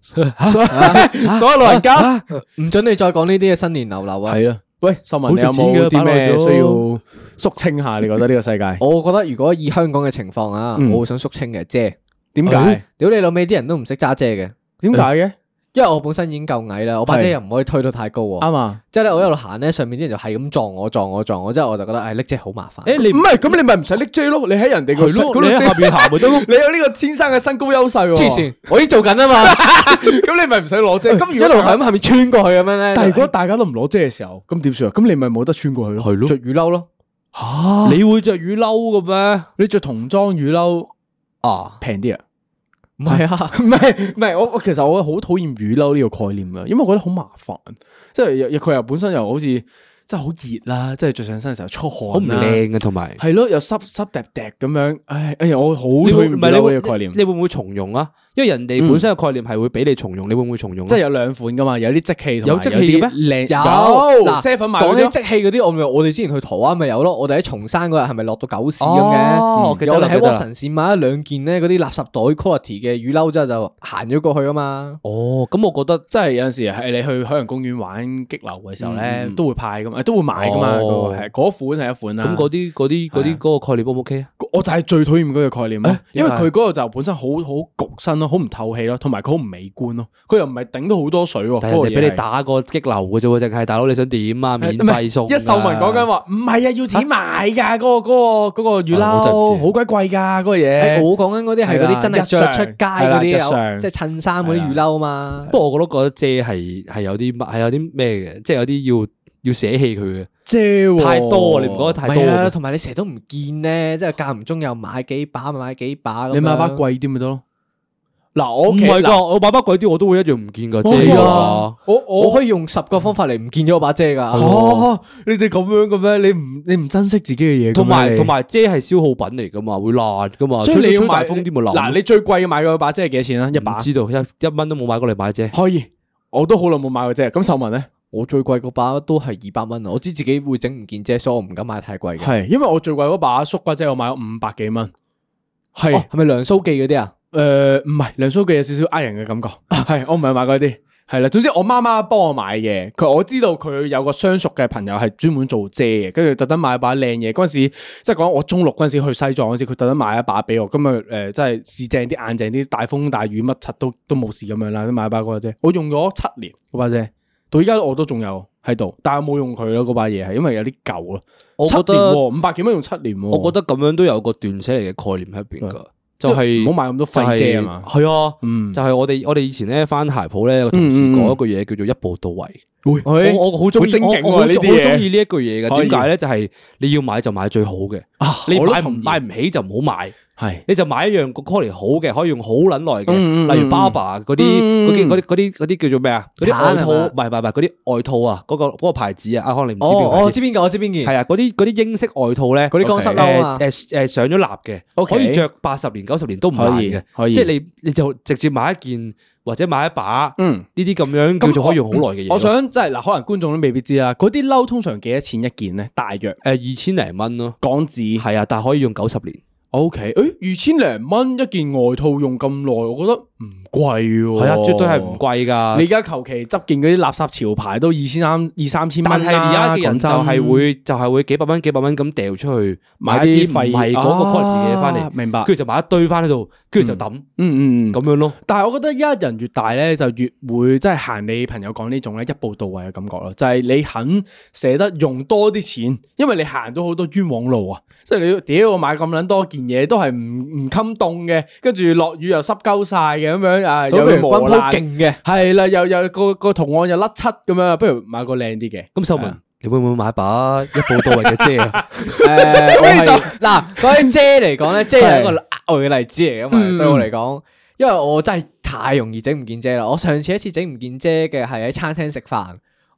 S2: 吓，所有老人家
S1: 唔准你再講呢啲嘅新年流流啊，係啊，喂，十民有冇啲咩需要肅清下？你覺得呢個世界？我覺得如果以香港嘅情況啊，我好想肅清嘅遮，點解？屌你老味啲人都唔識揸遮嘅。點解嘅？因為我本身已經夠矮啦，我把遮又唔可以推到太高啊，啱嘛？即係咧，我一路行咧，上面啲人就係咁撞我、撞我、撞我，之後我就覺得誒，拎遮好麻煩。誒，你唔係咁，你咪唔使拎遮咯，你喺人哋個，你喺下邊行咪得咯。你有呢個天生嘅身高優勢喎。黐線，我已經做緊啊嘛。咁你咪唔使攞遮，一路係咁下邊穿過去咁樣咧。但如果大家都唔攞遮嘅時候，咁點算啊？咁你咪冇得穿過去咯，係咯？着雨褸咯。吓，你會着雨褸嘅咩？你着童裝雨褸啊？平啲啊？唔係啊， 唔係唔係，我我其實我好討厭雨褸呢個概念啊，因為我覺得好麻煩，即係佢又本身又好似即係好熱啦，即係着上身嘅時候出汗，好唔靚啊。同埋係咯又濕濕嗒嗒咁樣，唉，哎呀我好討厭雨褸呢個概念，你會唔會從容啊？因為人哋本身嘅概念係會俾你重用，你會唔會重用？即係有兩款噶嘛，有啲積氣同埋有啲咩？有嗱，講起積氣嗰啲，我我哋之前去台灣咪有咯，我哋喺松山嗰日係咪落到狗屎咁嘅？我哋喺屈臣氏買咗兩件呢嗰啲垃圾袋 quality 嘅雨褸之後就行咗過去噶嘛。哦，咁我覺得真係有陣時係你去海洋公園玩激流嘅時候咧，都會派噶嘛，都會買噶嘛，嗰款係一款啦。咁嗰啲嗰啲嗰啲個概念，OK 唔 OK 啊？我就係最討厭嗰個概念咧，因為佢嗰個就本身好好焗身咯。好唔透氣咯，同埋佢好唔美觀咯。佢又唔係頂到好多水，係俾你打個激流嘅啫。只係，大佬你想點啊？免費送。一秀文講緊話唔係啊，要錢買噶。嗰個嗰個嗰個雨褸好鬼貴噶嗰個嘢。我講緊嗰啲係嗰啲真係着出街嗰啲即係襯衫嗰啲雨褸啊嘛。不過我覺得嗰遮係係有啲係有啲咩嘅，即係有啲要要捨棄佢嘅遮太多，你唔覺得太多？係啊，同埋你成日都唔見咧，即係間唔中又買幾把，買幾把。你買把貴啲咪得咯？嗱我唔係噶，我買把貴啲，我都會一樣唔見噶。冇錯，我我可以用十個方法嚟唔見咗我把遮噶。你哋咁樣嘅咩？你唔你唔珍惜自己嘅嘢。同埋同埋，遮係消耗品嚟噶嘛，會爛噶嘛。所以你要買風啲咪流。嗱，你最貴嘅買嘅把遮係幾錢啊？一百，知道一一蚊都冇買過嚟把遮。可以，我都好耐冇買過遮。咁秀文咧，我最貴嗰把都係二百蚊啊！我知自己會整唔見遮，所以我唔敢買太貴。係，因為我最貴嗰把縮骨遮，我買咗五百幾蚊。係係咪梁蘇記嗰啲啊？誒，唔係、呃、梁蘇記嘅有少少呃人嘅感覺，係、啊、我唔係買嗰啲，係啦。總之我媽媽幫我買嘢，佢我知道佢有個相熟嘅朋友係專門做遮嘅，跟住特登買一把靚嘢。嗰陣時即係講我中六嗰陣時去西藏嗰時，佢特登買一把俾我。咁啊誒，即係試正啲硬正啲，大風大雨乜柒都都冇事咁樣啦。買一把嗰把遮，我用咗七年嗰把遮，到依家我都仲有喺度，但係冇用佢咯。嗰把嘢係因為有啲舊咯。我覺得五百幾蚊用七年，喔，我覺得咁樣都有個斷捨離嘅概念喺邊噶。就係唔好買咁多廢啫嘛，係啊，嗯就，就係我哋我哋以前咧翻鞋鋪咧個同事講一句嘢，叫做一步到位，我我好中意，精嘅，啊、呢好中意呢一句嘢嘅，點解咧？就係你要買就買最好嘅，啊，你買唔買唔起就唔好買。係，是你就買一樣個 quality 好嘅，可以用好捻耐嘅，嗯嗯嗯嗯嗯例如 Barbour 嗰啲件啲啲啲叫做咩啊？嗰啲外套，唔係唔係唔係嗰啲外套啊？嗰、嗰個、嗰個牌子啊？阿康你唔知邊個？哦哦、我知邊件，我知邊件。係啊，嗰啲啲英式外套咧，嗰啲乾濕褸誒誒上咗蠟嘅，可以着八十年、九十年都唔可以嘅，即係你你就直接買一件或者買一把，呢啲咁樣叫做可以用好耐嘅嘢。我想即係嗱，可能觀眾都未必知啊。嗰啲褸通常幾多錢一件咧？大約誒二千零蚊咯，港紙係啊，但係可以用九十年。OK，誒二千零蚊一件外套用咁耐，我覺得。唔貴係啊，絕對係唔貴噶。你而家求其執件嗰啲垃圾潮牌都二千三、二三千蚊啊。但係而家啲人真係會就係、是、會幾百蚊、幾百蚊咁掉出去買啲唔係嗰個 quality 嘅嘢翻嚟，明白？跟住就買一堆翻喺度，跟住、嗯、就抌、嗯。嗯嗯咁樣咯。但係我覺得而家人越大咧，就越會即係行你朋友講呢種咧，一步到位嘅感覺咯。就係、是、你肯捨得用多啲錢，因為你行咗好多冤枉路啊。即係你屌我買咁捻多件嘢，都係唔唔襟凍嘅，跟住落雨又濕鳩晒嘅。咁樣啊，有啲磨好勁嘅，係啦，又又個個圖案又甩漆咁樣，不如買個靚啲嘅。咁秀文，你會唔會買把一步到位嘅遮？嗱，講起遮嚟講咧，遮係一個額外嘅例子嚟噶嘛。對我嚟講，因為我真係太容易整唔見遮啦。我上次一次整唔見遮嘅係喺餐廳食飯，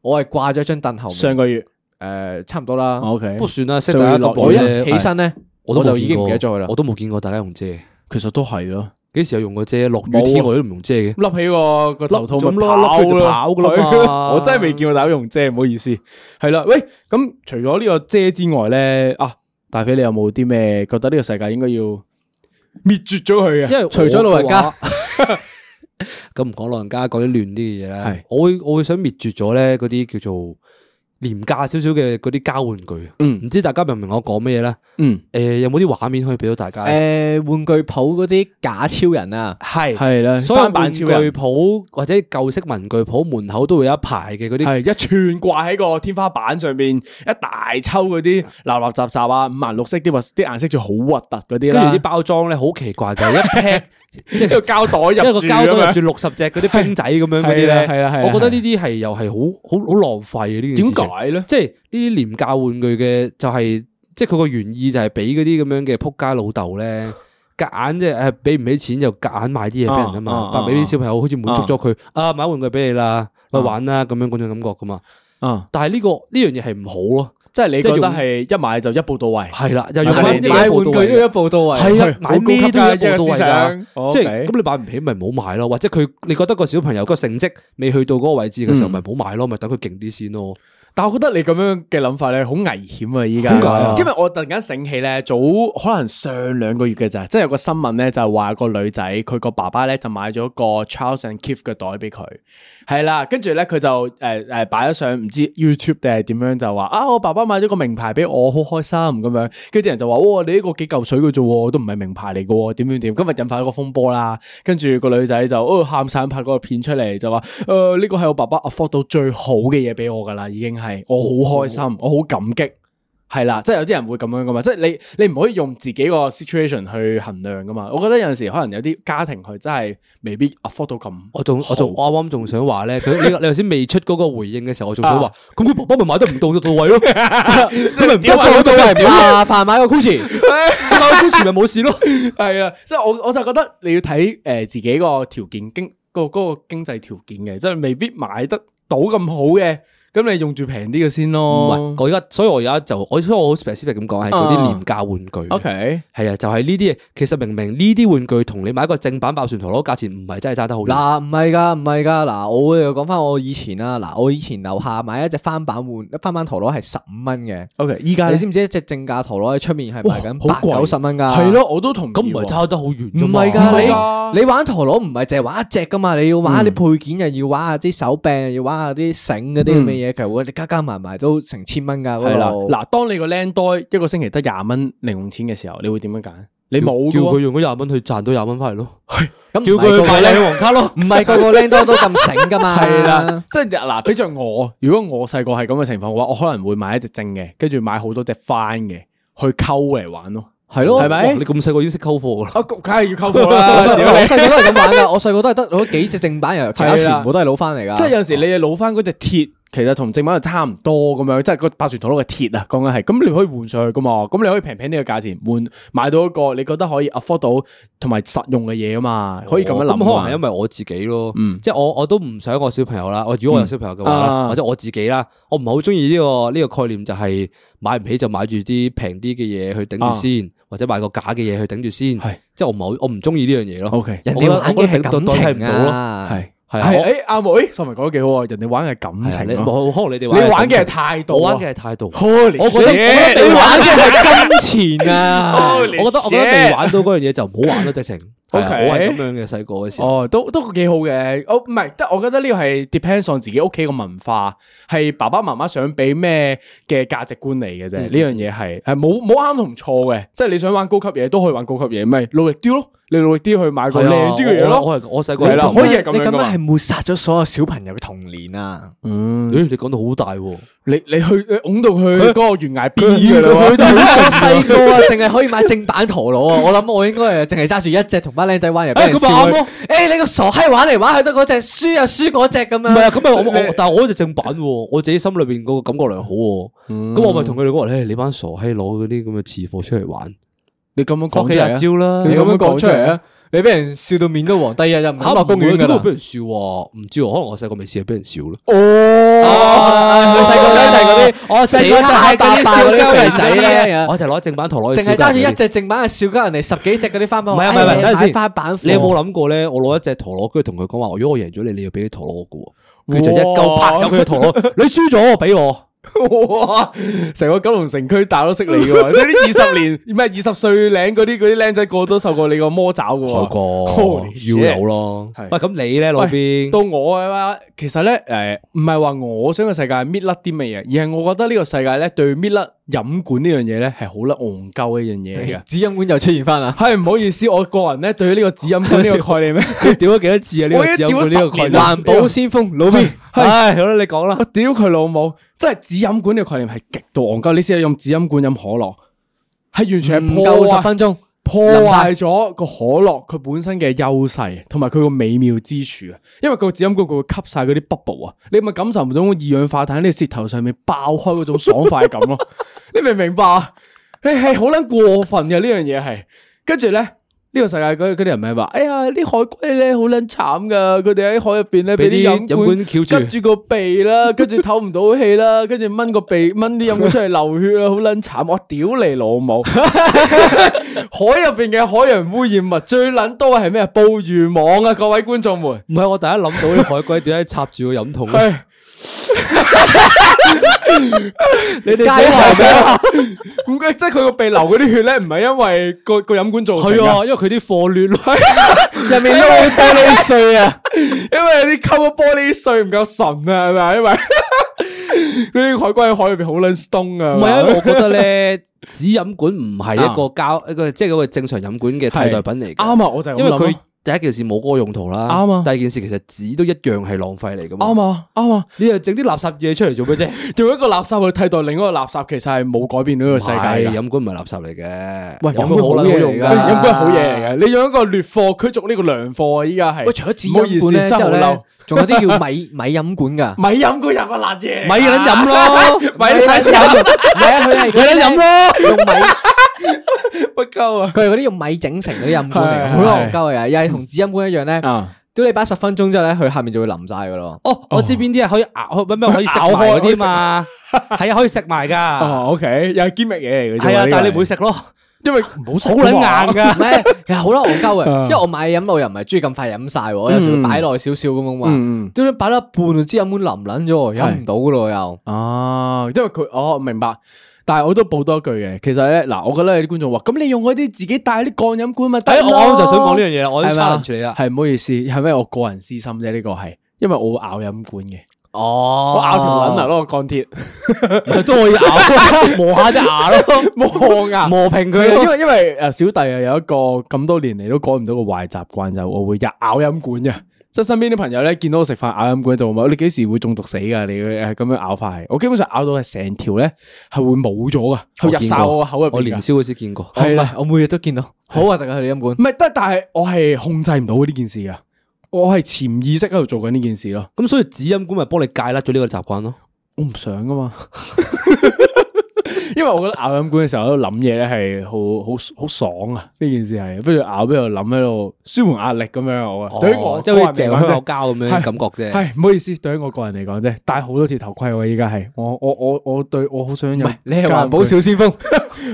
S1: 我係掛咗張凳後面。上個月誒，差唔多啦。O K，都算啦。就一起身咧，我就已經唔記得咗佢啦。我都冇見過大家用遮，其實都係咯。幾時有用個遮？落雨沒 天我都唔用遮嘅。笠起個個頭痛咁跑，笠起就跑噶。我真係未見過大飛用遮，唔好意思。係啦，喂，咁除咗呢個遮之外咧，啊，大肥你有冇啲咩覺得呢個世界應該要滅絕咗佢嘅？因為除咗老人家，咁唔講老人家，講啲亂啲嘅嘢咧。我會我會想滅絕咗咧嗰啲叫做。廉價少少嘅嗰啲膠玩具，嗯，唔知大家明唔明我講咩咧？嗯，誒，有冇啲畫面可以俾到大家？誒，玩具鋪嗰啲假超人啊，係係啦，所以玩具鋪或者舊式文具鋪門口都會有一排嘅嗰啲，係一串掛喺個天花板上面，一大抽嗰啲垃垃雜雜啊，五顏六色啲，或啲顏色就好核突嗰啲啦，啲包裝咧好奇怪嘅，一即係膠袋入住咁樣，因為 個膠袋入住六十隻嗰啲冰仔咁樣嗰啲咧，係啊係，我覺得呢啲係又係好好好浪費嘅呢件事。點解咧？即係呢啲廉價玩具嘅就係，即係佢個原意就係俾嗰啲咁樣嘅仆街老豆咧，夾硬即係誒，俾、啊、俾唔起錢就夾硬買啲嘢俾人啊嘛，但係俾啲小朋友好似滿足咗佢，啊,啊買玩具俾你啦，去玩啦咁樣嗰種感覺噶嘛。但係呢個呢樣嘢係唔好咯。即係你覺得係一買就一步到位，係啦，又要買玩具都一步到位，係啊，去買咩都要一步到位，即係是咁，哦 okay，你買唔起咪唔好買咯，或者佢你覺得個小朋友個成績未去到嗰個位置嘅時候，咪唔好買咯，咪等佢勁啲先咯。嗯但我覺得你咁樣嘅諗法咧，好危險啊！依家因為我突然間醒起咧，早可能上兩個月嘅咋，即係有個新聞咧，就係話個女仔佢個爸爸咧就買咗個 Charles and Keith 嘅袋俾佢，係啦，跟住咧佢就誒誒擺咗上唔知 YouTube 定係點樣就話啊，我爸爸買咗個名牌俾我，好開心咁樣。跟住啲人就話：哇，你呢個幾舊水嘅啫，都唔係名牌嚟嘅，點點點。今日引發一個風波啦。跟住個女仔就哦喊晒，拍嗰個片出嚟就話：誒呢個係我爸爸 afford 到最好嘅嘢俾我噶啦，已經係。係我好開心，哦、我好感激，係啦，即係有啲人會咁樣噶嘛，即係你你唔可以用自己個 situation 去衡量噶嘛。我覺得有陣時可能有啲家庭佢真係未必 afford 到咁。我仲我仲啱啱仲想話咧，佢呢 你頭先未出嗰個回應嘅時候，我仲想話，咁個、啊、爸爸咪買得唔到到位咯，佢咪唔夠到位。啊，飯 買個 Gucci， 買個 Gucci 咪冇事咯。 係啊，即係我我就覺得你要睇，誒自己條、嗰個條件經個嗰個經濟條件嘅，即係未必買得到咁好嘅。咁你用住平啲嘅先咯。唔係，我而家，所以我而家就，我所以我好特特咁講，係做啲廉價玩具。O K，係啊，就係呢啲嘢。其實明明呢啲玩具同你買個正版爆旋陀螺價錢唔係真係差得好遠。嗱，唔係噶，唔係噶。嗱，我又講翻我以前啦。嗱，我以前樓下買一隻翻版換翻版陀螺係十五蚊嘅。O K，依家你知唔知一隻正價陀螺喺出面係賣緊八九十蚊噶？係咯，我都同意。咁唔係差得好遠，唔係噶，你你玩陀螺唔係淨係玩一隻噶嘛？你要玩下啲配件，又要玩下啲手柄，又要玩下啲繩嗰啲咁嘅。嘢嘅話，你加加埋埋都成千蚊噶。係啦，嗱，當你個僆仔一個星期得廿蚊零用錢嘅時候，你會點樣揀？你冇叫佢用嗰廿蚊去賺到廿蚊翻嚟。咯。咁叫佢買靚黃卡咯。唔係個個僆仔都咁醒噶嘛。係啦，即係嗱，比如我，如果我細個係咁嘅情況嘅話，我可能會買一隻正嘅，跟住買好多隻翻嘅去溝嚟玩咯。係咯，係咪？你咁細個要識溝貨嘅？啊，梗係要溝貨啦。我細個都係咁玩噶，我細個都係得攞幾隻正版，然後其他全部都係攞翻嚟噶。即係有陣時你嘅老翻嗰隻鐵。其實同正版又差唔多咁樣，即係個百旋陀螺嘅鐵啊，講緊係，咁你可以換上去噶嘛，咁你可以平平呢個價錢換買到一個你覺得可以 afford 到同埋實用嘅嘢啊嘛，可以咁樣諗。可能係因為我自己咯，即係我我都唔想我小朋友啦，我如果我有小朋友嘅話，或者我自己啦，我唔好中意呢個呢個概念，就係買唔起就買住啲平啲嘅嘢去頂住先，或者買個假嘅嘢去頂住先，即係我唔好我唔中意呢樣嘢咯。OK，人哋玩嘅係感情係。係誒，阿毛，誒，蘇文講得幾好啊，人哋玩嘅係感情，可能你哋玩嘅係態度，我玩嘅係態度。我覺得你玩嘅係金錢啊，我覺得我覺得未玩到嗰樣嘢就唔好玩咯，直情。O K，咁樣嘅細個嘅時候，哦，都都幾好嘅，哦，唔係，得我覺得呢個係 depends on 自己屋企個文化，係爸爸媽媽想俾咩嘅價值觀嚟嘅啫，呢 Okay. 樣嘢係係冇冇啱同錯嘅，即係你想玩高級嘢都可以玩高級嘢，咪努力啲咯，你努力啲去買個靚啲嘅嘢咯，我係我細個啦，可以咁樣，你咁樣係抹殺咗所有小朋友嘅童年啊，嗯，誒、欸，你講到好大，啊。你你去拱到去嗰個懸崖邊噶，佢都好細個啊，淨係可以買正版陀螺啊！我諗我應該誒，淨係揸住一隻同班靚仔玩。哎，咁咪啱你個傻閪玩嚟玩去都嗰隻輸啊，輸嗰隻咁啊！唔係啊，咁我但係我隻正版，我自己心裏邊嗰個感覺良好。咁我咪同佢哋講，誒，你班傻閪攞嗰啲咁嘅次貨出嚟玩，你咁樣講起一招啦，你咁樣講出嚟啊！你俾人笑到面都黃，第日又唔考公務員噶，邊度俾人笑？唔知，可能我細個未試，俾人笑啦。哦，細個咧就係嗰啲，我死乞白賴嗰啲笑鳩人仔我就攞正版陀螺，淨係揸住一隻正版嘅少鳩人哋十幾隻嗰啲翻版。唔係唔係，睇下先，翻版。你有冇諗過咧？我攞一隻陀螺跟住同佢講話，如果我贏咗你，你要俾啲陀螺我㗎喎。佢就一嚿拍走佢嘅陀螺，你輸咗俾我。哇！成個九龍城區大佬識你嘅，嗰啲二十年咩二十歲零嗰啲嗰啲僆仔個個都受過你個魔爪嘅，好過要有咯。喂，咁你咧老邊？到我嘅話，其實咧誒，唔係話我想個世界搣甩啲乜嘢，而係我覺得呢個世界咧對搣甩飲管呢樣嘢咧係好啦，憨鳩一樣嘢嘅。紙飲管又出現翻啦，係唔好意思，我個人咧對於呢個紙飲管呢個概念咧，屌咗幾多字啊？呢個紙飲管呢個概念，環保先鋒老邊，係好啦，你講啦，屌佢老母！即係紙飲管嘅概念係極度戇鳩，你試下用紙飲管飲可樂，係完全係唔夠十分鐘，破壞咗個可樂佢本身嘅優勢，同埋佢個美妙之處啊！因為個紙飲管佢會吸晒嗰啲 bubble 啊，你咪感受唔到二氧化碳喺你舌頭上面爆開嗰種爽快感咯， 你明唔明白？你係好撚過分嘅呢樣嘢係，跟住咧。呢個世界嗰啲人咪話：哎呀，啲海龜咧好撚慘噶，佢哋喺海入邊咧俾啲飲管塞住個鼻啦，跟住唞唔到氣啦，跟住掹個鼻掹啲飲管出嚟，流血啊，好撚慘！我 屌你老母！ 海入邊嘅海洋污染物最撚多嘅係咩啊？捕魚網啊！各位觀眾們，唔係我第一諗到啲海龜點解插住個飲桶 你哋驚咩？咁嘅即係佢個鼻流嗰啲血咧，唔係因為個個飲管造成啊，的因為佢啲貨亂，入面都有啲玻璃碎啊， 因為啲吸個玻璃碎唔夠神啊，係咪？ 因為嗰啲海龜喺海入邊好卵 ston 噶。唔係啊，的 我覺得咧，紙飲管唔係一個膠、嗯、一個，即係個正常飲管嘅替代品嚟。啱啊，我就因為佢。第一件事冇嗰個用途啦，啱啊！第二件事其實紙都一樣係浪費嚟噶嘛，啱啊，啱啊！你又整啲垃圾嘢出嚟做咩啫？用 一個垃圾去替代另一個垃圾，其實係冇改變到呢個世界。飲管唔係垃圾嚟嘅，喂，飲管好用嘅。飲管好嘢嚟嘅。啊、你用一個劣貨驅逐呢個良貨，啊，依家係，唔好意思，真好仲有啲叫米米飲管噶，米飲管有個爛嘢，米都飲咯，米都飲，係啊，佢係佢都飲咯，用米不鳩啊，佢係嗰啲用米整成嗰啲飲管嚟，好難鳩啊，又係同紙飲管一樣咧，屌你擺十分鐘之後咧，佢下面就會淋晒噶咯。哦，我知邊啲係可以咬，搵咩可以手開嗰啲啊？係啊，可以食埋噶。哦，OK，又係堅物嘢嚟嘅，係啊，但係你唔會食咯。因為冇好撚硬噶，唔係，好啦，我交嘅，因為我買飲我又唔係中意咁快飲晒，嗯、我有時擺耐少少咁啊嘛，點解擺到一半支飲管淋淋咗，飲唔到噶咯又？哦，因為佢，我明白，但係我都補多一句嘅，其實咧嗱，我覺得有啲觀眾話，咁、嗯、你用嗰啲自己帶啲鋼飲管咪，哎，我就想講呢樣嘢啦，我都差唔住你啦，係唔好意思，係咪我個人私心啫？呢個係，因為我會咬飲管嘅。哦，oh. 我咬條捻啊，攞個鋼鐵都可以咬，磨下隻牙咯，磨牙磨平佢。因為因為誒，小弟啊有一個咁多年嚟都改唔到個壞習慣，就我會日咬飲管嘅。即係身邊啲朋友咧見到我食飯咬飲管，就話你幾時會中毒死噶？你咁樣咬法，我基本上咬到係成條咧係會冇咗噶，佢入晒我口入邊噶。我年少嗰時見過，係啦的，我每日都見到。好啊，大家去飲管。唔係，但係我係控制唔到呢件事噶。我係潛意識喺度做緊呢件事咯，咁所以指引官咪幫你戒甩咗呢個習慣咯。我唔想噶嘛。 因為我覺得咬飲管嘅時候喺度諗嘢咧係好好好爽啊！呢件事係，不如咬、哦，不如諗喺度舒緩壓力咁樣我啊。對於我即係好似嚼香口膠咁樣感覺啫。係唔好意思，對於我個人嚟講啫，戴好多次頭盔我依家係。我我我我對我好想有，你係環保小先鋒，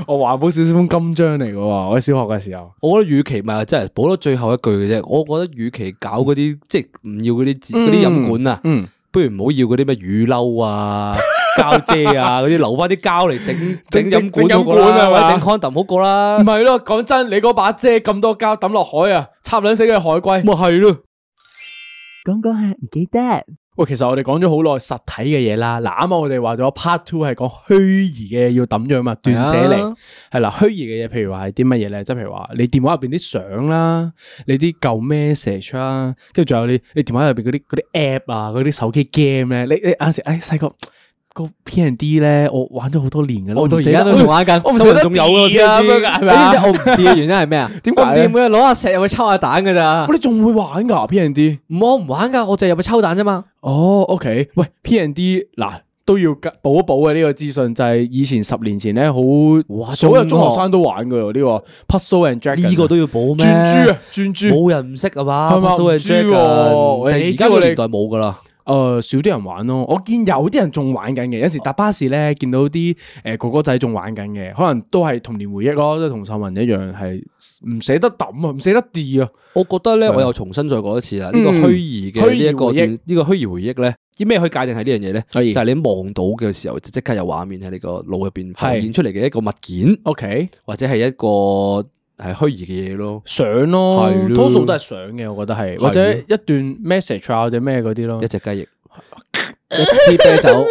S1: 我環保小先鋒金章嚟噶喎。我喺小學嘅時候，我覺得與其唔係真係補多最後一句嘅啫。我覺得與其搞嗰啲即係唔要嗰啲嗰啲飲管、嗯、啊，嗯、不如唔好要嗰啲咩雨褸啊。膠遮啊，嗰啲 留翻啲膠嚟整整飲管啊，整 condom 好過啦。唔係咯，講真，你嗰把遮咁多膠抌落海啊，插卵死嘅海龜。咁咪係咯。講講下唔記得。喂，其實我哋講咗好耐實體嘅嘢啦。嗱，咁啊，我哋話咗 part two 係講虛擬嘅嘢要抌咗啊嘛，斷捨離係啦。虛擬嘅嘢，譬如話係啲乜嘢咧？即係譬如你話你, age, 你，你電話入邊啲相啦，你啲舊 message 啦，跟住仲有你你電話入邊嗰啲啲 app 啊，嗰啲手機 game 咧，你你啱時誒細個。個 PND 咧，我玩咗好多年噶啦，我而家都仲玩緊，我唔仲有啊？點解？我唔點嘅原因係咩啊？點解點會攞下石入去抽下蛋噶咋？我哋仲會玩噶 PND？唔，我唔玩噶，我就入去抽蛋啫嘛。哦，OK，喂，PND 嗱都要補一補嘅呢個資訊，就係以前十年前咧好，所有中學生都玩嘅呢個 Puzzle and Dragon。呢個都要補咩？轉珠啊，轉珠，冇人唔識啊嘛。Puzzle and Dragon，而家個年代冇噶啦。誒、呃，少啲人玩咯。我見有啲人仲玩緊嘅，有時搭巴士咧見到啲誒、呃、哥哥仔仲玩緊嘅，可能都係童年回憶咯，即係同秀文一樣係唔捨得抌啊，唔捨得跌啊。我覺得咧，的我又重新再講一次啦，呢、這個虛擬嘅呢一個呢個虛擬回憶咧，啲咩去界定係呢樣嘢咧？以就係你望到嘅時候就即刻有畫面喺你個腦入邊浮現出嚟嘅一個物件。的 OK，或者係一個。係虛擬嘅嘢咯，相咯，多數都係相嘅，我覺得係，或者一段 message 或者咩嗰啲咯，一隻雞翼，一支啤酒，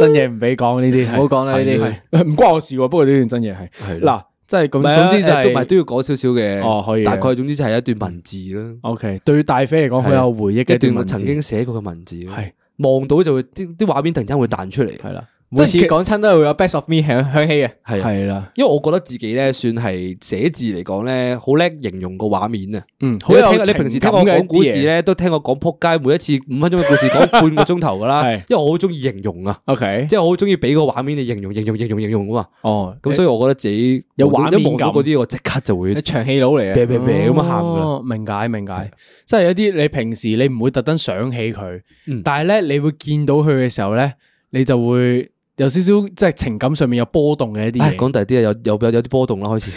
S1: 真嘢唔俾講呢啲，唔好講啦呢啲係，唔關我事，不過呢段真嘢係，嗱，即係咁，總之就同埋都要講少少嘅，哦，可以，大概總之就係一段文字啦，OK，對大飛嚟講好有回憶嘅，一段我曾經寫過嘅文字，係，望到就會啲啲畫面突然間會彈出嚟，係啦。即係講親都係會有 best of me 響響起嘅，係啊，係啦，因為我覺得自己咧算係寫字嚟講咧，好叻形容個畫面啊。嗯，好有情。你平時聽我講故事咧，都聽我講撲街，每一次五分鐘嘅故事講半個鐘頭噶啦。係，因為我好中意形容啊。OK，即係我好中意俾個畫面你形容，形容，形容，形容噶嘛。哦，咁所以我覺得自己有畫面感。嗰啲我即刻就會長氣佬嚟啊！咩咩咩咁喊㗎。哦，明解明解，即係有啲你平時你唔會特登想起佢，但係咧你會見到佢嘅時候咧，你就會。有少少即係情感上面有波動嘅一啲嘢，講第啲啊，有有有啲波動啦，開始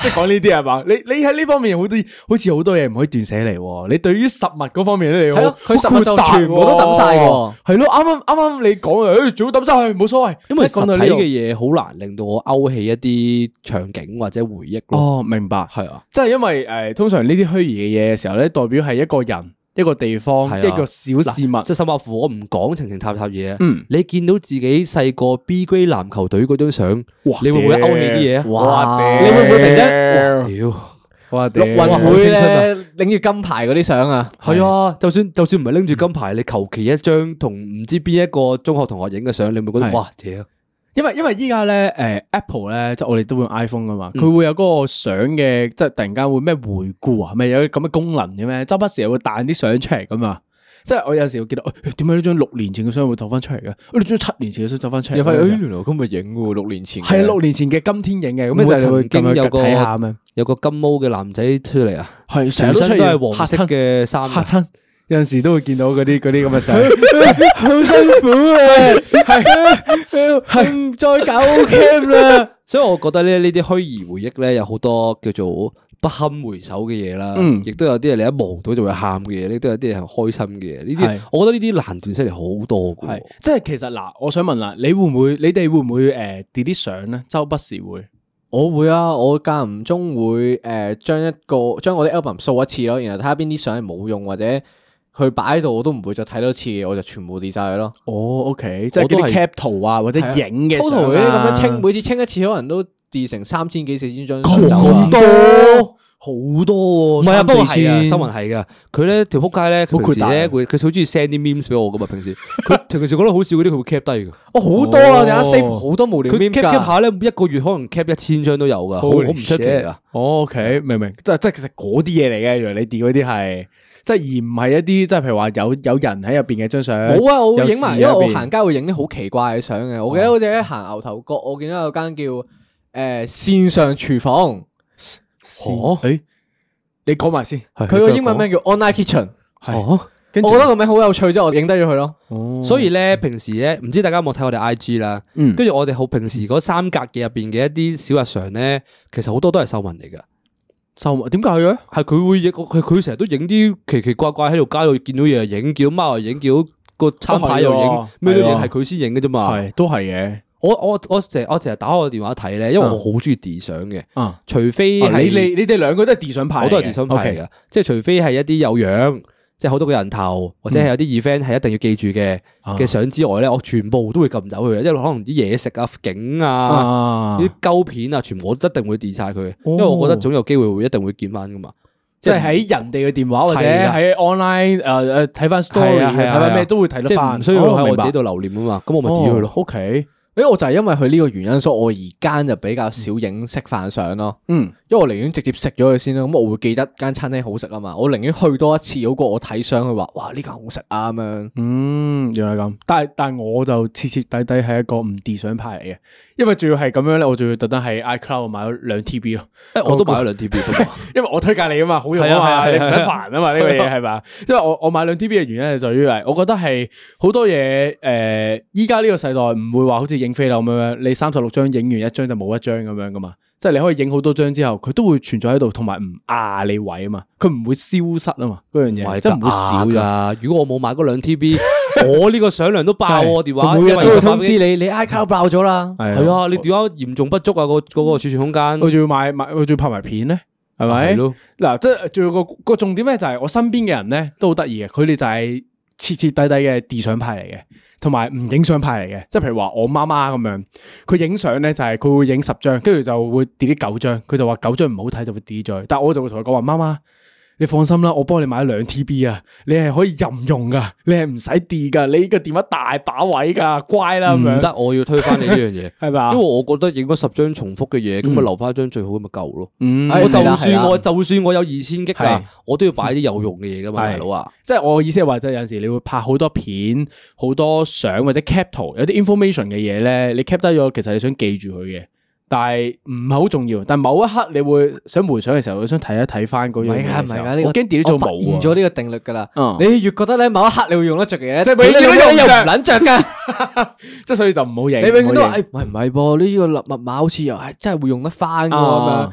S1: 即係講呢啲係嘛？你你喺呢方面好多好似好多嘢唔可以斷捨離喎。你對於實物嗰方面咧，係咯，佢實物就全部都抌晒，係咯，哦，啱啱啱啱你講誒，全部抌晒去冇所謂。因為到實體嘅嘢好難令到我勾起一啲場景或者回憶。哦，明白，係啊，即係因為誒，通常呢啲虛擬嘅嘢嘅時候咧，代表係一個人。一個地方，一個小事物，即係甚或乎我唔講情情塔塔嘢。你見到自己細個 B grade 籃球隊嗰張相，你會唔會勾起啲嘢？你會唔會突然，屌，哇好青春啊，咧拎住金牌嗰啲相啊！係啊，就算就算唔係拎住金牌，你求其一張同唔知邊一個中學同學影嘅相，你會唔會覺得哇屌？因為因為依家咧，誒、呃、Apple 咧，即係我哋都會用 iPhone 噶嘛，佢、嗯、會有嗰個相嘅，即係突然間會咩回顧啊，咪有咁嘅功能嘅、啊、咩？周不時又會彈啲相出嚟噶嘛，即係我有時會見到，點解呢張六年前嘅相會走翻出嚟嘅？呢張七年前嘅相走翻出嚟，咦？原來今日影嘅六年前係、啊、六年前嘅今天影嘅，咁咪會睇下咩？有個金毛嘅男仔出嚟啊？係成日都係黃色嘅衫、啊。有陣時都會見到嗰啲嗰啲咁嘅相，
S2: 好辛苦啊。係啊，係唔
S1: 再搞 cam 啦。所以我覺得咧呢啲虛擬回憶咧，有好多叫做不堪回首嘅嘢啦，亦都有啲你一望到就會喊嘅嘢，亦都有啲係開心嘅嘢。呢啲我覺得呢啲難斷出嚟好多嘅，即係其實嗱，我想問啦，你會唔會？你哋會唔會誒 delete 相咧？周不時會，我會啊，我間唔中會誒將一個將我啲 album 掃一次咯，然後睇下邊啲相係冇用或者。佢擺喺度我都唔會再睇多次嘅，我就全部跌晒佢咯。哦，OK，即係嗰啲 cap 圖啊，或者影嘅。cap 圖啲咁樣清，每次清一次可能都跌成三千幾、四千張。咁多，好多。唔係啊，不過係啊，新聞係噶。佢咧條撲街咧，平時咧佢好中意 send 啲 memes 俾我噶嘛。平時佢平時覺得好少嗰啲，佢會 cap 低嘅。哦，好多啊，你睇下 save 好多無聊。佢 cap cap 下咧，一個月可能 cap 一千張都有噶。好唔出奇啊。OK，明唔明？即係即係其實嗰啲嘢嚟嘅，原來你跌嗰啲係。即係而唔係一啲即係譬如話有有人喺入邊嘅張相，冇啊！我會影埋，因為我行街會影啲好奇怪嘅相嘅。我記得好似喺行牛頭角，我見到有間叫誒線上廚房。哦，誒，你講埋先，佢個英文名叫 Online Kitchen。哦，跟住，我覺得個名好有趣，即係我影低咗佢咯。所以咧，平時咧，唔知大家有冇睇我哋 I G 啦？跟住我哋好平時嗰三格嘅入邊嘅一啲小日常咧，其實好多都係秀文嚟噶。就物點解嘅？咧？係佢會影佢，佢成日都影啲奇奇怪怪喺度街度見到嘢又影，叫貓又影，叫個餐牌又影，咩、哦、都影係佢先影嘅啫嘛。係的都係嘅。我我我成我成日打開個電話睇咧，因為我好中意 D 相嘅。啊，除非、嗯哦、你你哋兩個都係 D 相派，我都係 D 相派嚟嘅，okay 即係除非係一啲有樣。即係好多個人頭，或者係有啲 event 係一定要記住嘅嘅相之外咧，我全部都會撳走佢，因為可能啲嘢食啊、景啊、啲舊片啊，全部我都一定會 delete 晒佢，因為我覺得總有機會會一定會見翻噶嘛。即係喺人哋嘅電話或者喺 online 誒誒睇翻 story，睇翻咩都會睇到，即係，唔需要喺我自己度留念啊嘛。咁我咪 delete 佢咯。O K。誒、欸，我就係因為佢呢個原因，所以我而家就比較少影食飯相咯。嗯，因為我寧願直接食咗佢先啦，咁我會記得間餐廳好食啊嘛。我寧願去多一次，好過我睇相佢話，哇，呢間、這個、好食啊咁樣。嗯，原來咁。但係但係我就徹徹底底係一個唔 d 相派嚟嘅。因為仲要係咁樣咧，我仲要特登喺 iCloud 買咗兩 TB 咯，因為我都買咗兩 TB 嘅。因為我推介你啊嘛，好用啊嘛，你唔使煩啊嘛，呢個嘢，係咪？因為我我買兩 TB 嘅原因是就係，我覺得係好多嘢誒，依家呢個世代唔會話好似影飛樓咁樣，你三十六張影完一張就冇一張咁樣噶嘛。即係你可以影好多張之後，佢都會存在喺度，同埋唔壓你位啊嘛，佢唔會消失啊嘛，嗰樣嘢即係唔會少噶。如果我冇買嗰兩 TB。 我呢個上量都爆，電話每日都通知你，你 iCloud 爆咗啦，係啊，啊我你電話嚴重不足啊，嗰個嗰、嗰個儲存空間，我仲要買買，我仲要拍埋片咧，係咪？嗱的，即係仲有個個重點咧，就係我身邊嘅人咧都好得意嘅，佢哋就係徹徹底底嘅疊相派嚟嘅，同埋唔影相派嚟嘅，即係譬如話我媽媽咁樣，佢影相咧就係佢會影十張，跟住就會跌啲九張，佢就話九張唔好睇就會跌咗。但係我就會同佢講話媽媽。你放心啦，我幫你買兩 TB 啊，你係可以任用噶，你係唔使跌噶，你個電話大把位噶，乖啦，唔得、嗯，我要推翻你呢樣嘢，係咪 吧？因為我覺得影咗十張重複嘅嘢，咁咪、嗯、留翻一張最好夠，咁咪夠咯。我就算我就算我有二千 G 啊，的我都要擺啲有用嘅嘢噶嘛，的大佬哥啊，即係、就是、我意思係話，就係有陣時你會拍好多片、好多相或者 capture 有啲 information 嘅嘢咧，你 capture 咗，其實你想記住佢嘅。但係唔係好重要，但係某一刻你會想回想嘅時候，會想睇一睇翻嗰樣嘢。唔係噶，唔係噶，呢、這個 g a 都做冇。我發現咗呢個定律噶啦，嗯、你越覺得咧，某一刻你會用得着嘅嘢咧，你點解又唔捻着噶？即係所以就唔好認。你永遠都話誒，喂唔係噃，呢、哎這個密碼好似又係真係會用得翻咁之